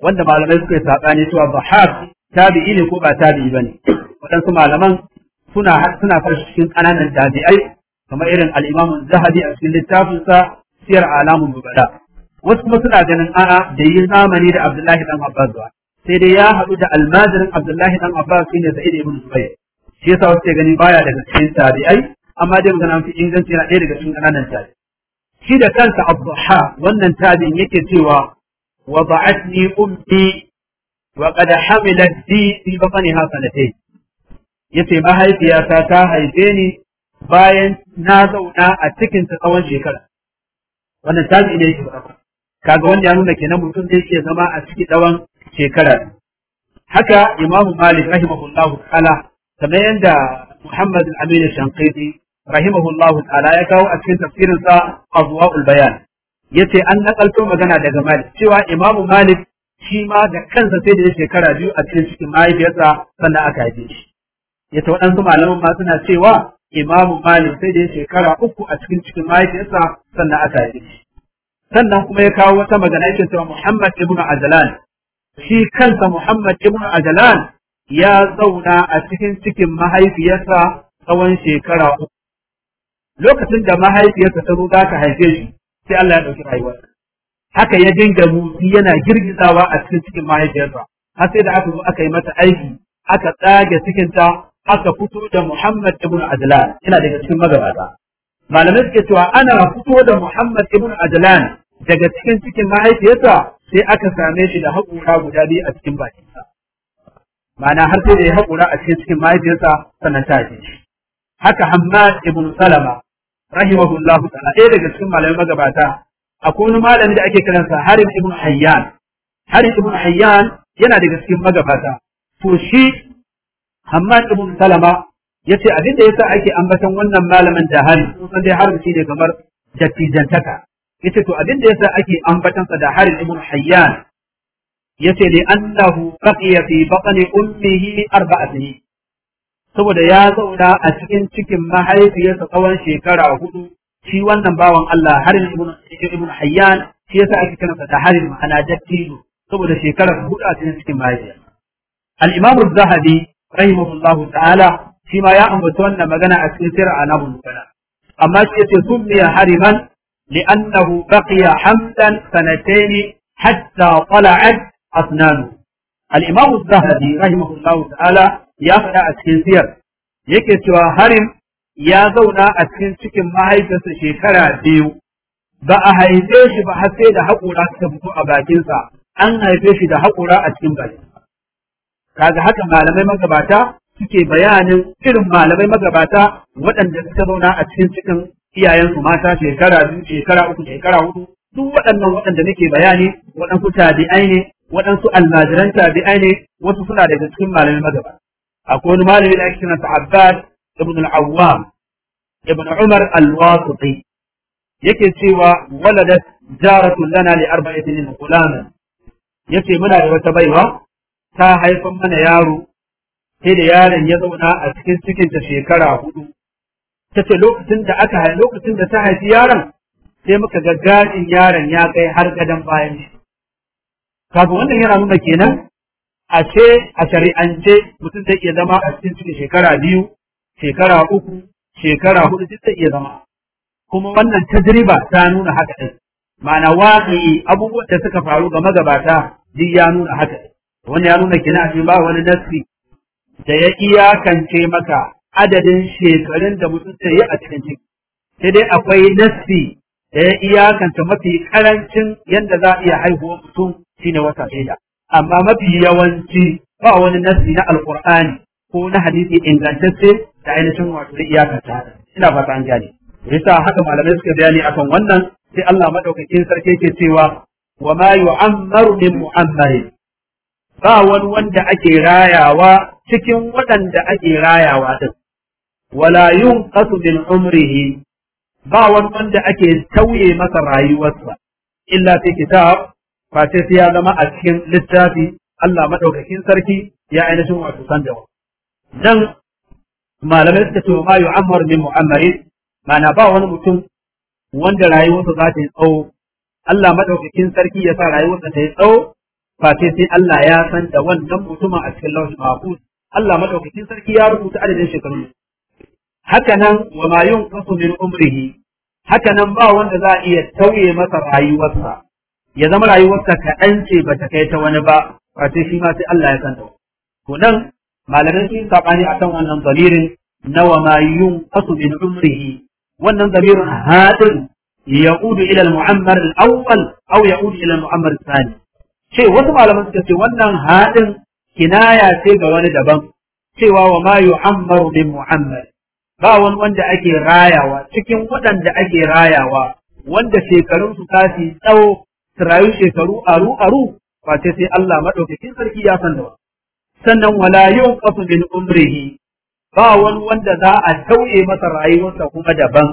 wanda malamai suka yi sabani cewa Dhahhak tabi'i ne ko ba tabi'i bane waɗansu malaman suna suna cikin ƙananan tabi'ai kamar irin al-Imam Zahabi a cikin littafinsa siyar alamun bubala wasu kuma suna ganin a'a da yi zamani da Abdullahi dan Abbas ba sai dai ya haɗu da almajirin Abdullahi dan Abbas shine Sa'id ibn Zubair shi yasa wasu ke gani baya daga cikin tabi'ai amma dai magana mafi inganci yana ɗaya daga cikin ƙananan tabi'ai shi da kansa Abduha wannan tabi'in yake cewa وضعتني أمي وقد حملت بي في بطنها سنتين yace mahaifiyata ta haife ni bayan na zauna a cikin tsawon shekara wannan tabi ne yake faɗa kaga wanda ya nuna kenan mutum zai iya zama a ciki tsawon shekara haka imamu malik rahimahullahu ta'ala kamar yadda muhammad al-amin shanqiti rahimahullahu ta'ala ya kawo a cikin tafsirin sa azwaul bayan yace an nakalto magana daga malik cewa imamu malik shi ma da kansa sai da ya shekara biyu a cikin cikin mahaifiyarsa sannan aka haife shi yace waɗansu malaman ma suna cewa imamu malik sai da ya shekara uku a cikin cikin mahaifiyarsa sannan aka yi. shi sannan kuma ya kawo wata magana yake cewa Muhammad Ibnu Ajlan shi kansa Muhammad Ibnu Ajlan ya zauna a cikin cikin mahaifiyarsa tsawon shekara uku lokacin da mahaifiyarsa ta ruga ka haife shi sai Allah ya dauki rayuwarsa haka ya dinga motsi yana girgizawa a cikin cikin mahaifiyarsa har sai da aka zo aka yi mata aiki aka tsage cikinta aka fito da Muhammad ibn Adlan ina daga cikin magabata malamai suke cewa ana fito da Muhammad ibn Adlan daga cikin cikin mahaifiyarsa sai aka same shi da haƙura guda biyu a cikin bakinsa ma'ana har sai da ya haƙura a cikin cikin mahaifiyarsa sannan ta shi haka Hammad ibn Salama rahimahullah ta'ala ɗaya daga cikin malamai magabata akwai wani malami da ake kiransa Harim ibn Hayyan Harim ibn Hayyan yana daga cikin magabata to shi Hamad ibn Salama yace abinda da yasa ake ambaton wannan malamin da hari kusan dai harin shine kamar dattijantaka yace to abinda yasa ake ambaton sa da harin ibn Hayyan yace li annahu baqiya fi batni ummihi arba'atihi saboda ya zauna a cikin cikin mahaifiyarsa tsawon shekara hudu shi wannan bawan Allah harin ibn Hayyan shi yasa ake kiransa da harin ma'ana dattijo saboda shekara hudu a cikin cikin mahaifiyarsa al-Imam az-Zahabi Allah ta'ala shi ma ya ambaci wannan magana a cikin sirra anabul kana amma shi yace sumiya hariman لأنه بقي حمدا سنتين حتى طلعت أسنانه الإمام الذهبي رحمه الله تعالى يفعل أسكنسير yake cewa harin ya zauna a cikin cikin mahaifinsa shekara biyu ba a haife shi ba har sai da haƙura suka fito a bakinsa an haife shi da haƙura a cikin bakinsa kaga haka malamai magabata suke bayanin irin malamai magabata waɗanda suka zauna a cikin cikin iyayensu mata shekara biyu shekara uku shekara hudu duk waɗannan waɗanda nake bayani waɗansu tabi'ai ne waɗansu almajiran tabi'ai ne wasu suna daga cikin malamai magabata akwai wani malami da ake kiran sa Abbas ibn al-Awwam ibn Umar al-Wasiti yake cewa waladat jaratu lana li arba'atin gulaman yace muna da wata baiwa ta haifan mana yaro sai da yaron ya zauna a cikin cikinta shekara hudu ta ce lokacin da aka lokacin da ta haifi yaron sai muka ga gadin yaron ya kai har gadon bayan shi wannan yana nuna kenan a ce a shari'ance mutum zai iya zama a cikin cikin shekara biyu shekara uku shekara hudu duk zai iya zama kuma wannan tajriba ta nuna haka ɗin ma'ana waƙi abubuwan da suka faru ga magabata duk ya nuna haka wani ya nuna kina ce ba wani nasri da ya iyakance maka adadin shekarun da mutum zai yi a cikin ciki sai dai akwai nasri da ya iyakanta mafi karancin yadda za a iya haihuwa mutum shine wata ɗaya amma mafi yawanci ba wani nasri na alkur'ani ko na hadisi ingantacce da ainihin wato zai iyakanta ina fata an gane yasa haka malamai suka bayani akan wannan sai Allah madaukakin sarki ke cewa wa ma yu'ammaru min mu'ammarin ba wani wanda ake rayawa cikin waɗanda ake rayawa din wala yunqasu min umrihi ba wani wanda ake tauye masa rayuwarsa illa fi kitab ba sai ya zama a cikin littafi Allah madaukakin sarki ya ainihin wato sanda dan malamai suka ce ma yu'ammar min mu'ammarin mana ba wani mutum wanda rayuwarsa za ta yi tsawo Allah madaukakin sarki ya sa rayuwarsa ta yi tsawo face sai Allah ya san da wannan mutumin a cikin lauhin mahfuz Allah madaukakin sarki ya rubuta adadin shekarun haka nan wa ma min umrihi haka nan ba wanda za a iya tauye masa rayuwarsa ya zama rayuwarsa kaɗan ce ba ta kai ta wani ba face shi ma sai Allah ya san da to nan malamai sun sabani akan wannan zamirin na wa ma yunqasu min umrihi wannan zamirin hadin Ya'udu إلى المعمر الأول أو يعود إلى المعمر الثاني ce wasu malaman suka ce wannan haɗin kinaya ce ga wani daban cewa wa ma yu'ammaru bin muhammad ba wani wanda ake rayawa cikin waɗanda ake rayawa wanda shekarun su tafi tsawo su rayu shekaru aru aru ba sai sai Allah madaukakin sarki ya san da sannan wala yunqasu min umrihi ba wani wanda za a tauye masa rayuwarsa kuma daban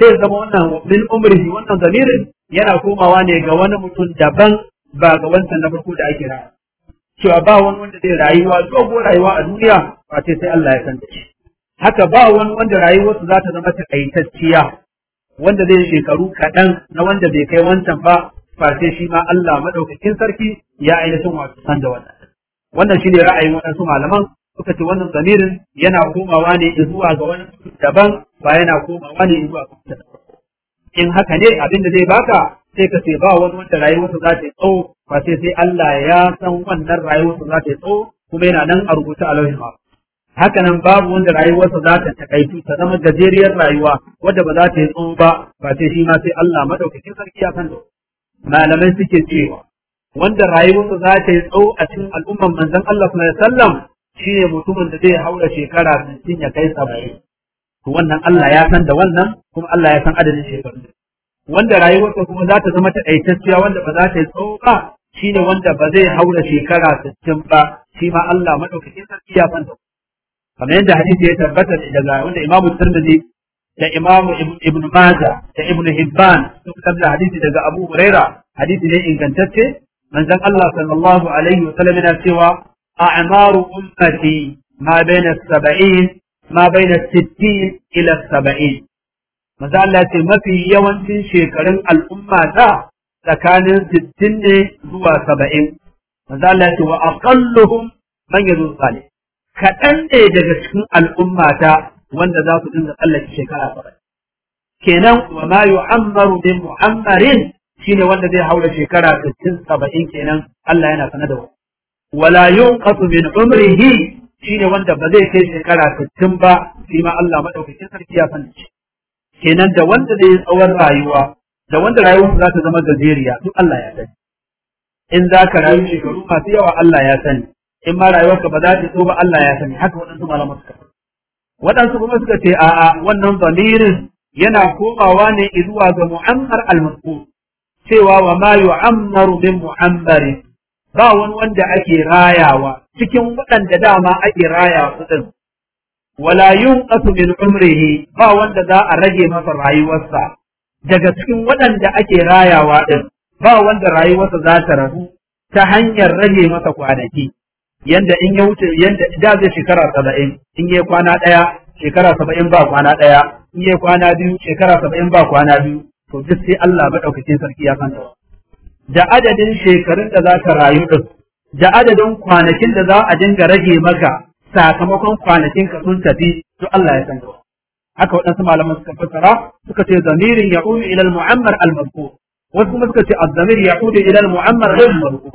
sai zama wannan min umrihi wannan zamirin yana komawa ne ga wani mutum daban ba ga wancan na farko da ake rayuwa cewa ba wani wanda zai rayuwa dogon rayuwa a duniya ba sai sai Allah ya san da shi haka ba wani wanda rayuwarsa za ta zama taƙaitacciya. wanda zai shekaru kaɗan na wanda bai kai wancan ba ba sai shi ma Allah madaukakin sarki ya ainihin wato san da wannan wannan shine ra'ayin waɗansu malaman suka ce wannan zamirin yana komawa ne zuwa ga wani daban ba yana komawa ne zuwa ga in haka ne abin da zai baka sai ka ce ba wani wanda rayuwarsa za ta yi tsawo ba sai sai Allah ya san wannan rayuwarsa za ta yi tsawo kuma yana nan a rubuta a lauhin ma haka nan babu wanda rayuwarsa za ta takaitu ta zama gajeriyar rayuwa wadda ba za ta yi tsawo ba ba sai shi ma sai Allah madaukakin sarki ya san malamai suke cewa wanda rayuwarsa za ta yi tsawo a cikin al'umman manzon Allah sallallahu alaihi wasallam mutumin da zai haura shekara 60 ya kai 70 to wannan Allah ya san da wannan kuma Allah ya san adadin shekarun wanda rayuwarsa kuma za ta zama taƙaitacciya wanda ba za ta yi tsawo ba shine wanda ba zai haura shekara sittin ba shi ma Allah madaukakin sarki ya fanta kamar yadda hadisi ya tabbata daga wanda Imam Tirmidhi da Imam Ibn Majah da Ibn Hibban suka tabbata hadisi daga Abu Huraira hadisi ne ingantacce manzon Allah sallallahu alaihi wa sallam yana cewa a'maru ummati ma baina 70 ma baina 60 ila 70 Maza Allah ce mafi yawancin shekarun al'umma ta tsakanin sittin ne zuwa saba'in. Maza Allah ce wa aqalluhum man yazu salih kaɗan ne daga cikin al'ummata wanda za su dinga tsallake shekara 70 kenan wa ma yu'ammaru min mu'ammarin shine wanda zai haura shekara 60 70 kenan Allah yana sanar da wa wala yunqatu min umrihi shine wanda ba zai kai shekara 60 ba shi ma Allah madaukakin sarki ya sanar kenan da wanda zai yi tsawon rayuwa da wanda rayuwarsa za ta zama gajeriya duk Allah ya sani in za ka rayu shekaru masu yawa Allah ya sani in ma rayuwarka ba za ta tso ba Allah ya sani haka waɗansu malaman suka waɗansu kuma suka ce a'a wannan zamirin yana komawa ne zuwa ga mu'ammar al-mazkur cewa wa ma yu'ammaru min mu'ammari ba wani wanda ake rayawa cikin waɗanda dama ake rayawa su wala yunqatu min umrihi ba wanda za a rage masa rayuwarsa daga cikin waɗanda ake rayawa din ba wanda rayuwarsa za ta rabu ta hanyar rage masa kwanaki yanda in ya wuce yanda da zai shekara saba'in in ya kwana ɗaya shekara saba'in ba kwana ɗaya in ya kwana biyu shekara saba'in ba kwana biyu to duk sai Allah maɗaukakin sarki ya kanta da adadin shekarun da za ta rayu din da adadin kwanakin da za a dinga rage maka sakamakon kwanakin ka sun tafi to Allah ya san haka waɗansu malaman suka fassara suka ce zamirin ya umu ilal mu'ammar al wasu kuma suka ce az-zamir ya umu ilal mu'ammar al-mazkur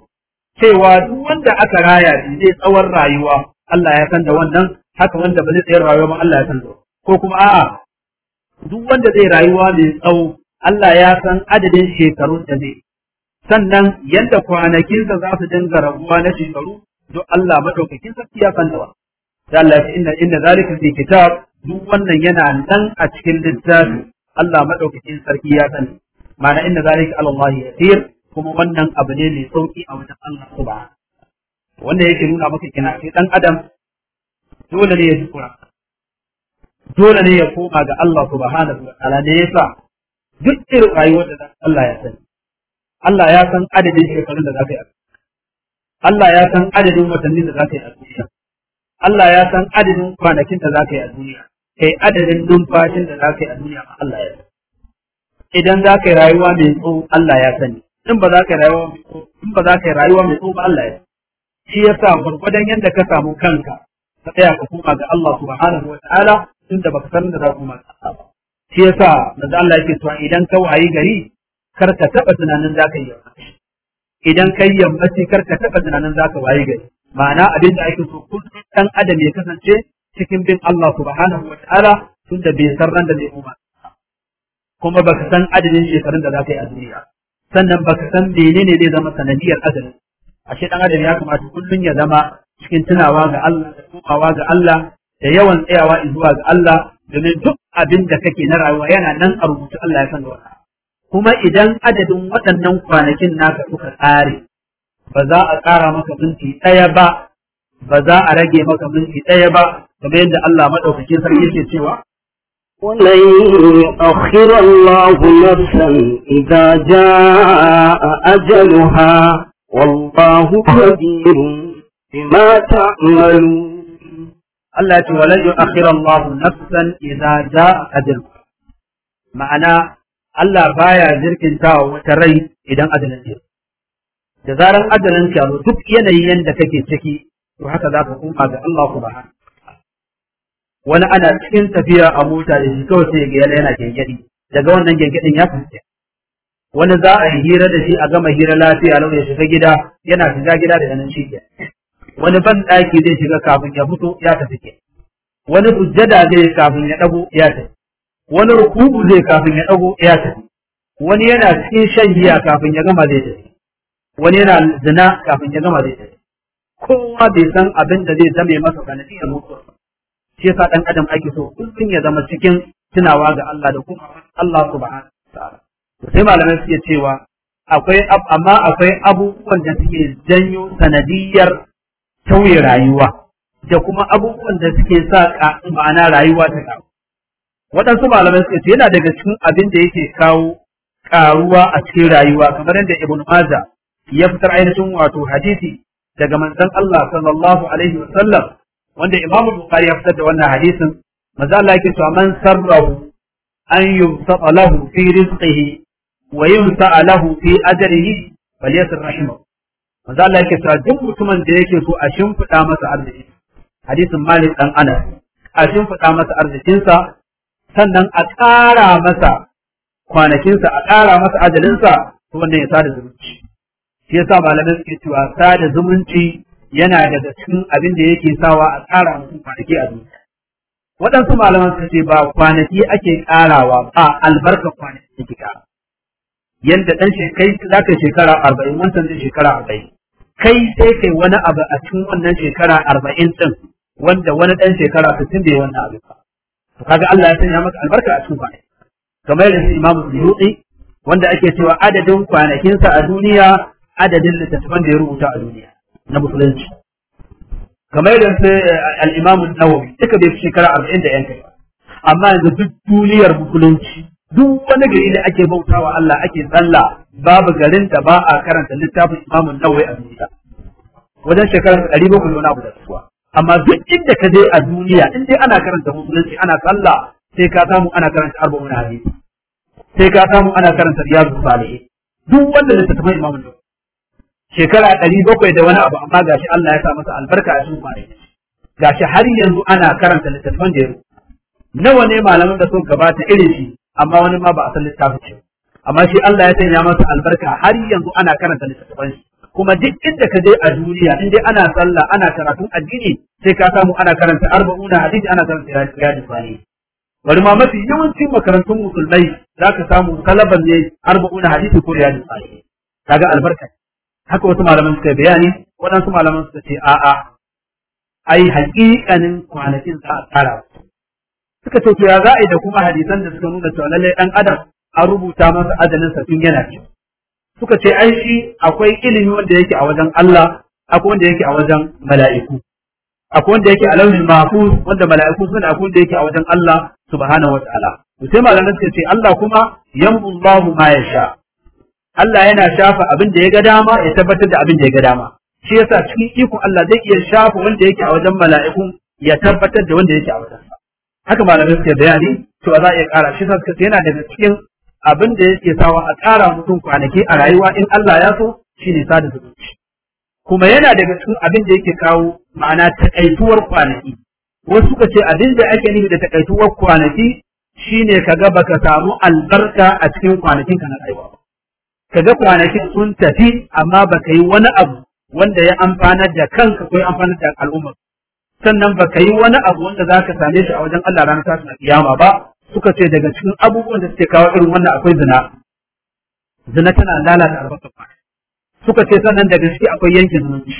cewa duk wanda aka raya shi zai tsawon rayuwa Allah ya san da wannan haka wanda ba zai tsayar rayuwa ba Allah ya san ko kuma a'a duk wanda zai rayuwa mai tsawo Allah ya san adadin shekarun da zai sannan yadda kwanakinsa za su dinga rabuwa na shekaru don Allah madaukakin sarki ya san da sai Allah ya ce inna inna zalika fi kitab duk wannan yana nan a cikin littafi Allah madaukakin sarki ya sani ma'ana inna zalika ala Allah yasir kuma wannan abu ne mai sauki a wajen Allah subhanahu wanda yake nuna maka kina sai dan adam dole ne ya tsura dole ne ya koma ga Allah subhanahu wa ta'ala ne yasa duk irin rayuwar da Allah ya sani Allah ya san adadin shekarun da za ka yi a Allah ya san adadin watanni da za ka yi a duniya Allah ya san adadin kwanakin da za ka yi a duniya kai adadin numfashin da za ka yi a duniya ma Allah ya san idan za ka yi rayuwa mai tsawo Allah ya sani in ba za ka yi rayuwa mai tsawo in ba za ka yi rayuwa mai tsawo Allah ya sani shi yasa gwargwadon yadda ka samu kanka ka tsaya ka koma ga Allah subhanahu wa ta'ala ba baka san da za ka koma ga Allah ba shi yasa manzo Allah yake cewa idan ka wayi gari kar ka taba tunanin za ka yi yammaci idan kai yammaci kar ka taba tunanin za ka wayi gari ma'ana abin da ake so kullum dan adam ya kasance cikin bin Allah subhanahu wa ta'ala tunda bai san ran da zai koma kuma baka san adadin shekarun da za ka yi a duniya sannan baka san menene zai zama sanadiyar ajalin ashe dan adam ya kamata kullum ya zama cikin tunawa ga Allah da komawa ga Allah da yawan tsayawa zuwa ga Allah domin duk abin da kake na rayuwa yana nan a rubutu Allah ya san da kuma idan adadin waɗannan kwanakin naka suka tsare ba za a ƙara maka minti ɗaya ba ba za a rage maka minti ɗaya ba kamar yadda Allah maɗaukakin sarki yake cewa ولن يؤخر الله نفسا إذا جاء أجلها والله خبير بما تعملون الله ولن يؤخر الله نفسا إذا جاء أجلها معنى الله بايا زركن تاو وتري إذا أجل الجيل da zaran ajalin ya duk yanayin yadda kake ciki to haka za ka kuma ga Allah subhanahu wani ana cikin tafiya a mota da shi kawai sai ga yana gengedi daga wannan gengedin ya fice wani za a yi hira da shi a gama hira lafiya lau ya shiga gida yana shiga gida da nan shi wani ban ɗaki zai shiga kafin ya fito ya tafi ke wani sujjada zai kafin ya dago ya tafi wani rukubu zai kafin ya dago ya tafi wani yana cikin shan giya kafin ya gama zai tafi wani yana zina kafin ya gama zai tafi kowa bai san abin da zai zame masa sanadiyar mutuwa shi yasa dan adam ake so kullum ya zama cikin tunawa ga Allah da kuma Allah subhanahu wa ta'ala sai malamai suke cewa akwai amma akwai abubuwan da suke janyo sanadiyar tauye rayuwa da kuma abubuwan da suke sa ma'ana rayuwa ta kawo waɗansu malamai suke ce yana daga cikin abin da yake kawo karuwa a cikin rayuwa kamar yadda ibn maza ya fitar ainihin wato hadisi daga manzon Allah sallallahu alaihi wasallam wanda Imam Bukhari ya fitar da wannan hadisin manzo Allah yake cewa man sarrahu an yumsata lahu fi rizqihi wa yumsa lahu fi ajrihi falyasir rahimahu manzo Allah yake cewa duk mutumin da yake so a shimfiɗa masa arziki hadisin Malik dan Anas a shimfiɗa masa arzikinsa sannan a ƙara masa kwanakinsa a ƙara masa ajalinsa to wannan ya sada zumunci shi yasa malamai suke cewa sada zumunci yana daga cikin abin da yake sawa a tsara mutum kwanaki a duniya waɗansu malaman suka ce ba kwanaki ake ƙarawa ba albarkar kwanaki ake ƙara yanda ɗan shekai za ka shekara arba'in wancan zai shekara arba'in kai sai kai wani abu a cikin wannan shekara arba'in ɗin wanda wani ɗan shekara sittin ya wannan abu ba to kaga Allah ya sanya maka albarka a cikin kwanaki kamar yadda Imam Suyuti wanda ake cewa adadin kwanakinsa a duniya adadin littattafan da ya rubuta a duniya na musulunci kamar yadda su eh, al'imamu nawawi duka bai fi shekara arba'in da yan amma yanzu duk duniyar musulunci duk wani gari da ake bautawa Allah ake tsalla babu garin da ba a karanta littafin imamun nawawi a duniya wajen shekarar ɗari bakwai wani abu da tsuwa amma duk inda ka je a duniya in dai ana karanta musulunci ana sallah sai ka samu ana karanta arba'un hadisi sai ka samu ana karanta riyadu salihin duk wanda littattafan imamun nawawi shekara ɗari bakwai da wani abu amma ga shi Allah ya sa masa albarka a cikin Ga shi har yanzu ana karanta littattafan da ya nawa ne malaman da sun gabata irin shi amma wani ma ba a san littafin shi amma shi Allah ya sanya masa albarka har yanzu ana karanta littattafan shi kuma duk inda ka je a duniya in dai ana sallah ana karatun addini sai ka samu ana karanta arba'una hadisi ana karanta riyadu sani bari ma mafi yawancin makarantun musulmai za ka samu kalaban ne arba'una hadisi ko riyadu sani kaga albarka haka wasu malaman suka bayani waɗansu malaman suka ce a'a ai haƙiƙanin kwanakin sa a tsara suka ce ya za a yi da kuma hadisan da suka nuna cewa lallai ɗan adam an rubuta masa adalin sa tun yana ce suka ce ai shi akwai ilimi wanda yake a wajen Allah akwai wanda yake a wajen mala'iku akwai wanda yake a launin mahfuz wanda mala'iku suna akwai wanda yake a wajen Allah subhanahu wataala to sai malaman suka ce Allah kuma yamullahu ma yasha Allah yana shafa abin da ya ga dama ya tabbatar da abin da ya ga dama shi yasa cikin iko Allah zai iya shafa wanda yake a wajen mala'iku ya tabbatar da wanda yake a wajen haka malamin suke bayani to za a iya ƙara shi yasa yana daga cikin abin da yake sawa a tsara mutum kwanaki a rayuwa in Allah ya so shine sada zumunci kuma yana daga cikin abin da yake kawo ma'ana takaituwar kwanaki wasu suka ce abin da ake nufi da takaituwar kwanaki shine kaga baka samu albarka a cikin kwanakin ka na rayuwa ba kaga kwanakin sun tafi amma baka yi wani abu wanda ya amfanar da kanka ko ya amfanar da al'umma sannan baka yi wani abu wanda za ka same shi a wajen Allah ranar tashin kiyama ba suka ce daga cikin abubuwan da suke kawo irin wannan akwai zina zina tana lalata albarkar kwana suka ce sannan daga ciki akwai yanke zumunci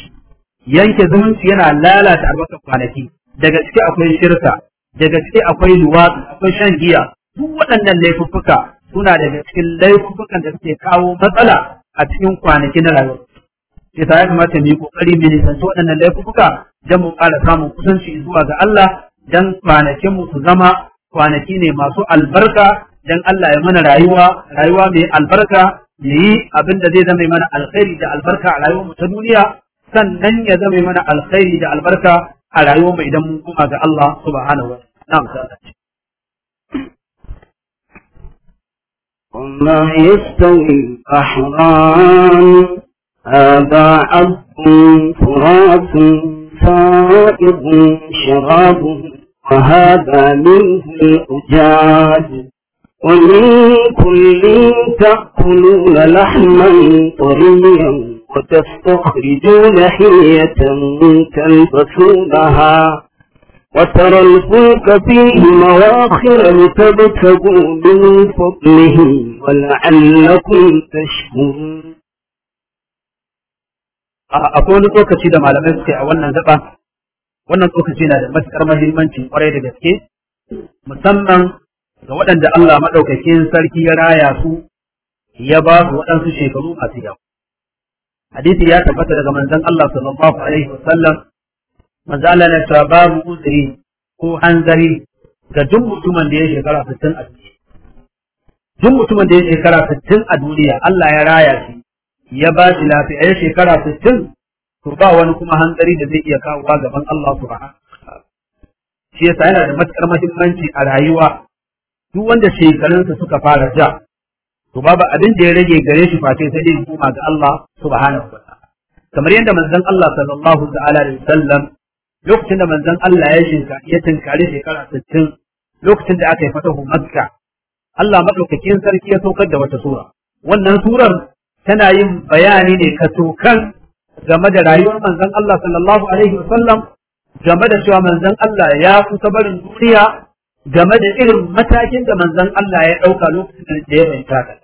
yanke zumunci yana lalata albarkar kwanaki daga ciki akwai shirka daga ciki akwai luwaɗi akwai shan giya duk waɗannan laifuffuka suna daga cikin laifukan da suke kawo matsala a cikin kwanaki na rayuwa sai ta ya kamata mu yi kokari mu nisanci waɗannan laifuka don mu ƙara samun kusanci zuwa ga Allah dan kwanakin mu su zama kwanaki ne masu albarka don Allah ya mana rayuwa rayuwa mai albarka ya yi abin da zai zama mana alkhairi da albarka a rayuwar mu ta duniya sannan ya zama mana alkhairi da albarka a rayuwar mu idan mun koma ga Allah subhanahu wa ta'ala na'am وما يستوي الأحرام هذا عبد فرات سائغ شراب وهذا منه الأجاج ومن كل تأكلون لحما طريا وتستخرجون حية تلبسونها وترى الفلك فيه مواخر لتبتغوا من فضله ولعلكم تشكرون akwai wani tsokaci da malamai suke a wannan gaba wannan tsokaci na da matuƙar mahimmanci kwarai da gaske musamman ga waɗanda Allah maɗaukakin sarki ya raya su ya ba su waɗansu shekaru masu yawa hadisi ya tabbata daga manzon Allah sallallahu alaihi wasallam manzo Allah na cewa babu uzuri ko hanzari ga duk mutumin da ya shekara 60 a duniya duk mutumin da ya shekara 60 a duniya Allah ya raya shi ya ba shi lafiya ya shekara 60 to ba wani kuma hanzari da zai iya kawo gaban Allah subhanahu shi yasa yana da matukar muhimmanci a rayuwa duk wanda shekarunsa suka fara ja to babu abin da ya rage gare shi face sai dai koma ga Allah subhanahu wa ta'ala kamar yadda manzon Allah sallallahu ta'ala alaihi wasallam lokacin da manzon Allah ya shinka ya tinkari shekara 60 lokacin da aka yi fatahu makka Allah madaukakin sarki ya saukar da wata sura wannan surar tana yin bayani ne kacokan game da rayuwar manzon Allah sallallahu alaihi wasallam game da cewa manzon Allah ya kusa barin duniya game da irin matakin da manzon Allah ya ɗauka lokacin da ya bayyana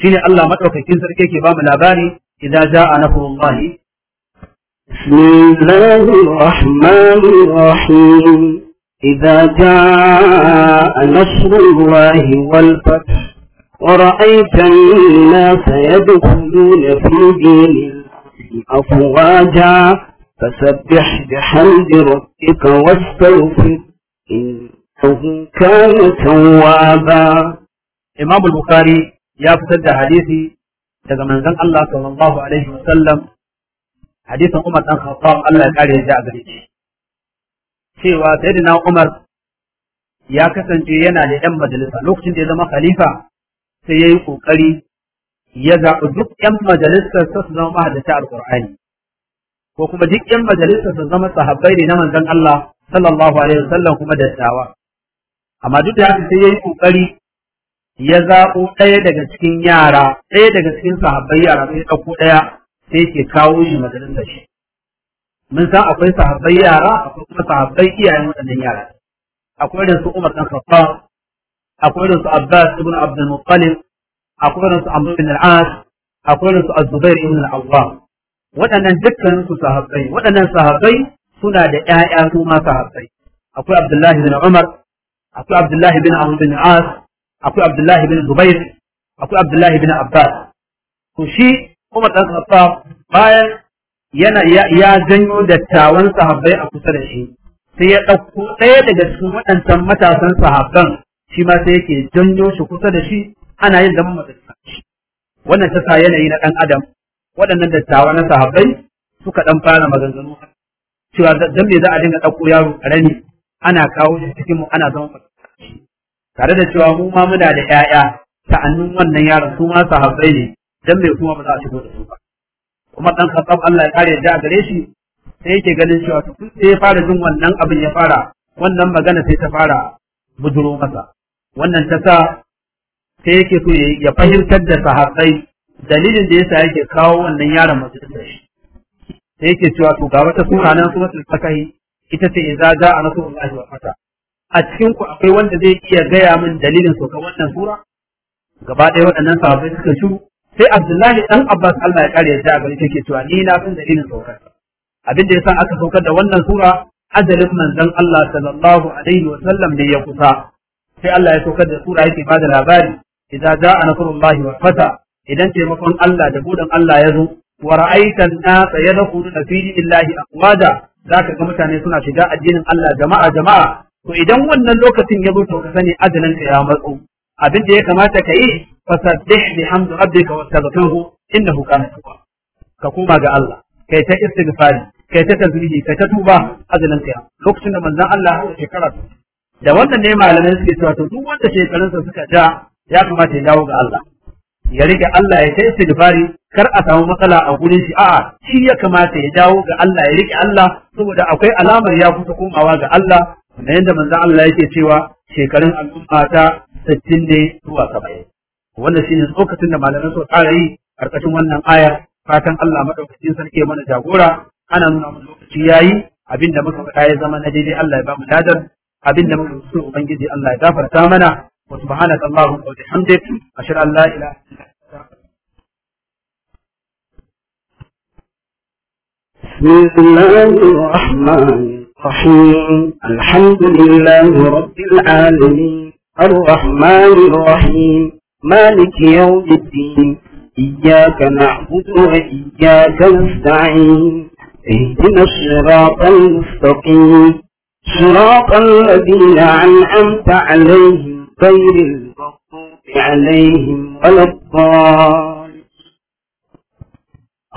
shine Allah madaukakin sarki yake ba mu labari idan jaa nasrullahi بسم الله الرحمن الرحيم إذا جاء نصر الله والفتح ورأيت الناس يدخلون في دين أفواجا فسبح بحمد ربك واستغفر إنه كان توابا إمام البخاري يا فتد حديثي من الله صلى الله عليه وسلم hadisin Umar dan Khattab Allah ya kare ya a gare shi cewa sayyidina Umar ya kasance yana da yan majalisa lokacin da ya zama khalifa sai yayi kokari ya zaɓi duk yan majalisar su zama mahaddata alqur'ani ko kuma duk yan majalisar su zama sahabbai ne na manzon Allah sallallahu alaihi wasallam kuma dattawa amma duk da haka sai yayi kokari ya zaɓo ɗaya daga cikin yara ɗaya daga cikin sahabbai yara sai ya ɗauko ɗaya sai ke kawo shi majalisar shi mun san akwai sahabbai yara akwai kuma sahabbai iyayen waɗannan yara akwai irin Umar dan Khattab akwai irin su Abbas ibn Abdul Muttalib akwai irin su Amr ibn al-As akwai irin su Az-Zubair ibn al-Awwam waɗannan dukkan su sahabbai waɗannan sahabbai suna da ƴaƴa su ma sahabbai akwai Abdullahi bin Umar akwai Abdullahi bin Amr bin al-As akwai Abdullahi bin Zubair akwai Abdullahi bin Abbas to shi kuma ɗan Khattab bayan yana ya janyo dattawan sahabbai a kusa da shi sai ya ɗauko ɗaya daga cikin waɗancan matasan sahabban shi ma sai yake janyo shi kusa da shi ana yin zaman majalisa shi wannan ta sa yanayi na ɗan adam waɗannan dattawa na sahabbai suka ɗan fara maganganu cewa dan me za a dinga ɗauko yaro ƙarami ana kawo shi cikin mu ana zaman shi. tare da cewa mu ma muna da ƴaƴa sa'annin wannan yaron su ma sahabbai ne dan me kuma ba za a shigo da su ba kuma dan Khattab Allah ya kare da gare shi sai yake ganin cewa tun sai ya fara jin wannan abin ya fara wannan magana sai ta fara bujuro masa wannan ta sa sai yake so ya fahimtar da sahabbai dalilin da yasa yake kawo wannan yaron majalisa shi sai yake cewa to ga wata sura nan suratul fakahi ita ce idza jaa nasrullahi wal fata. a cikin ku akwai wanda zai iya gaya min dalilin sauka wannan sura gaba ɗaya waɗannan sahabbai suka shiru sai Abdullahi dan Abbas Allah ya kare ya gari take cewa ni na san da irin saukar Abinda da yasa aka saukar da wannan sura ajalin manzon Allah sallallahu alaihi wa sallam ne ya kusa sai Allah ya saukar da sura yake bada labari idza jaa nasrullahi wal fata idan taimakon Allah da budan Allah ya zo wa ra'aita an-nasa yadkhuluna fi dinillahi afwaja zaka ga mutane suna shiga addinin Allah jama'a jama'a to idan wannan lokacin ya zo to ka sani ajalin ya matso abin da ya kamata ka yi fasabbih bihamdi rabbika wastaghfirhu innahu kana tawwab ka koma ga Allah kai ta istighfari kai ta tasbihi kai ta tuba azumin kai lokacin da manzon Allah ya shekara da wannan ne malamai suke cewa to duk wanda shekarunsa suka ja ya kamata ya dawo ga Allah ya rike Allah ya ta istighfari kar a samu matsala a gurin shi a'a shi ya kamata ya dawo ga Allah ya rike Allah saboda akwai alamar ya kusa komawa ga Allah kamar yadda manzon Allah yake cewa shekarun al'umma ta 60 ne zuwa 70 wannan shine tsokacin da malaman suka ƙara yi karkashin wannan aya fatan Allah madaukakin sarki ya mana jagora ana nuna mana lokaci yayi abinda muka fada ya zama na daidai Allah ya ba mu dadar abinda muka so ubangiji Allah ya gafarta mana wa subhanaka allahumma wa bihamdik ashhadu an la ilaha illa anta بسم الله الرحمن الرحيم الحمد لله رب العالمين الرحمن الرحيم مالك يوم الدين إياك نعبد وإياك نستعين اهدنا الصراط المستقيم صراط الذين أنعمت عليهم غير المغضوب عليهم ولا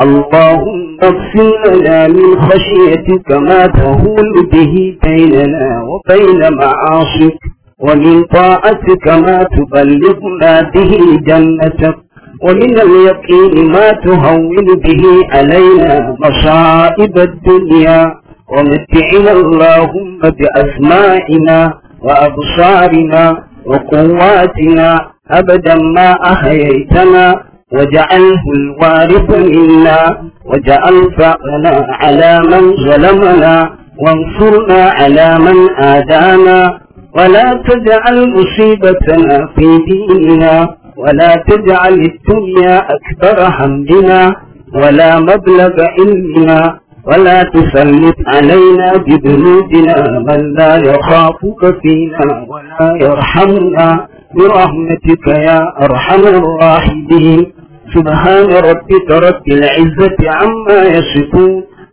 اللهم اغفر لنا من خشيتك ما تهول به بيننا وبين معاصيك ومن طاعتك ما تبلغنا به جنتك ومن اليقين ما تهون به علينا مصائب الدنيا ومتعنا اللهم بأسمائنا وأبصارنا وقواتنا أبدا ما أحييتنا وجعله الوارث منا وجعل فأنا على من ظلمنا وانصرنا على من آذانا ولا تجعل مصيبتنا في ديننا ولا تجعل الدنيا أكبر همنا ولا مبلغ علمنا ولا تسلط علينا بذنوبنا من لا يخافك فينا ولا يرحمنا برحمتك يا أرحم الراحمين سبحان ربك رب العزة عما يصفون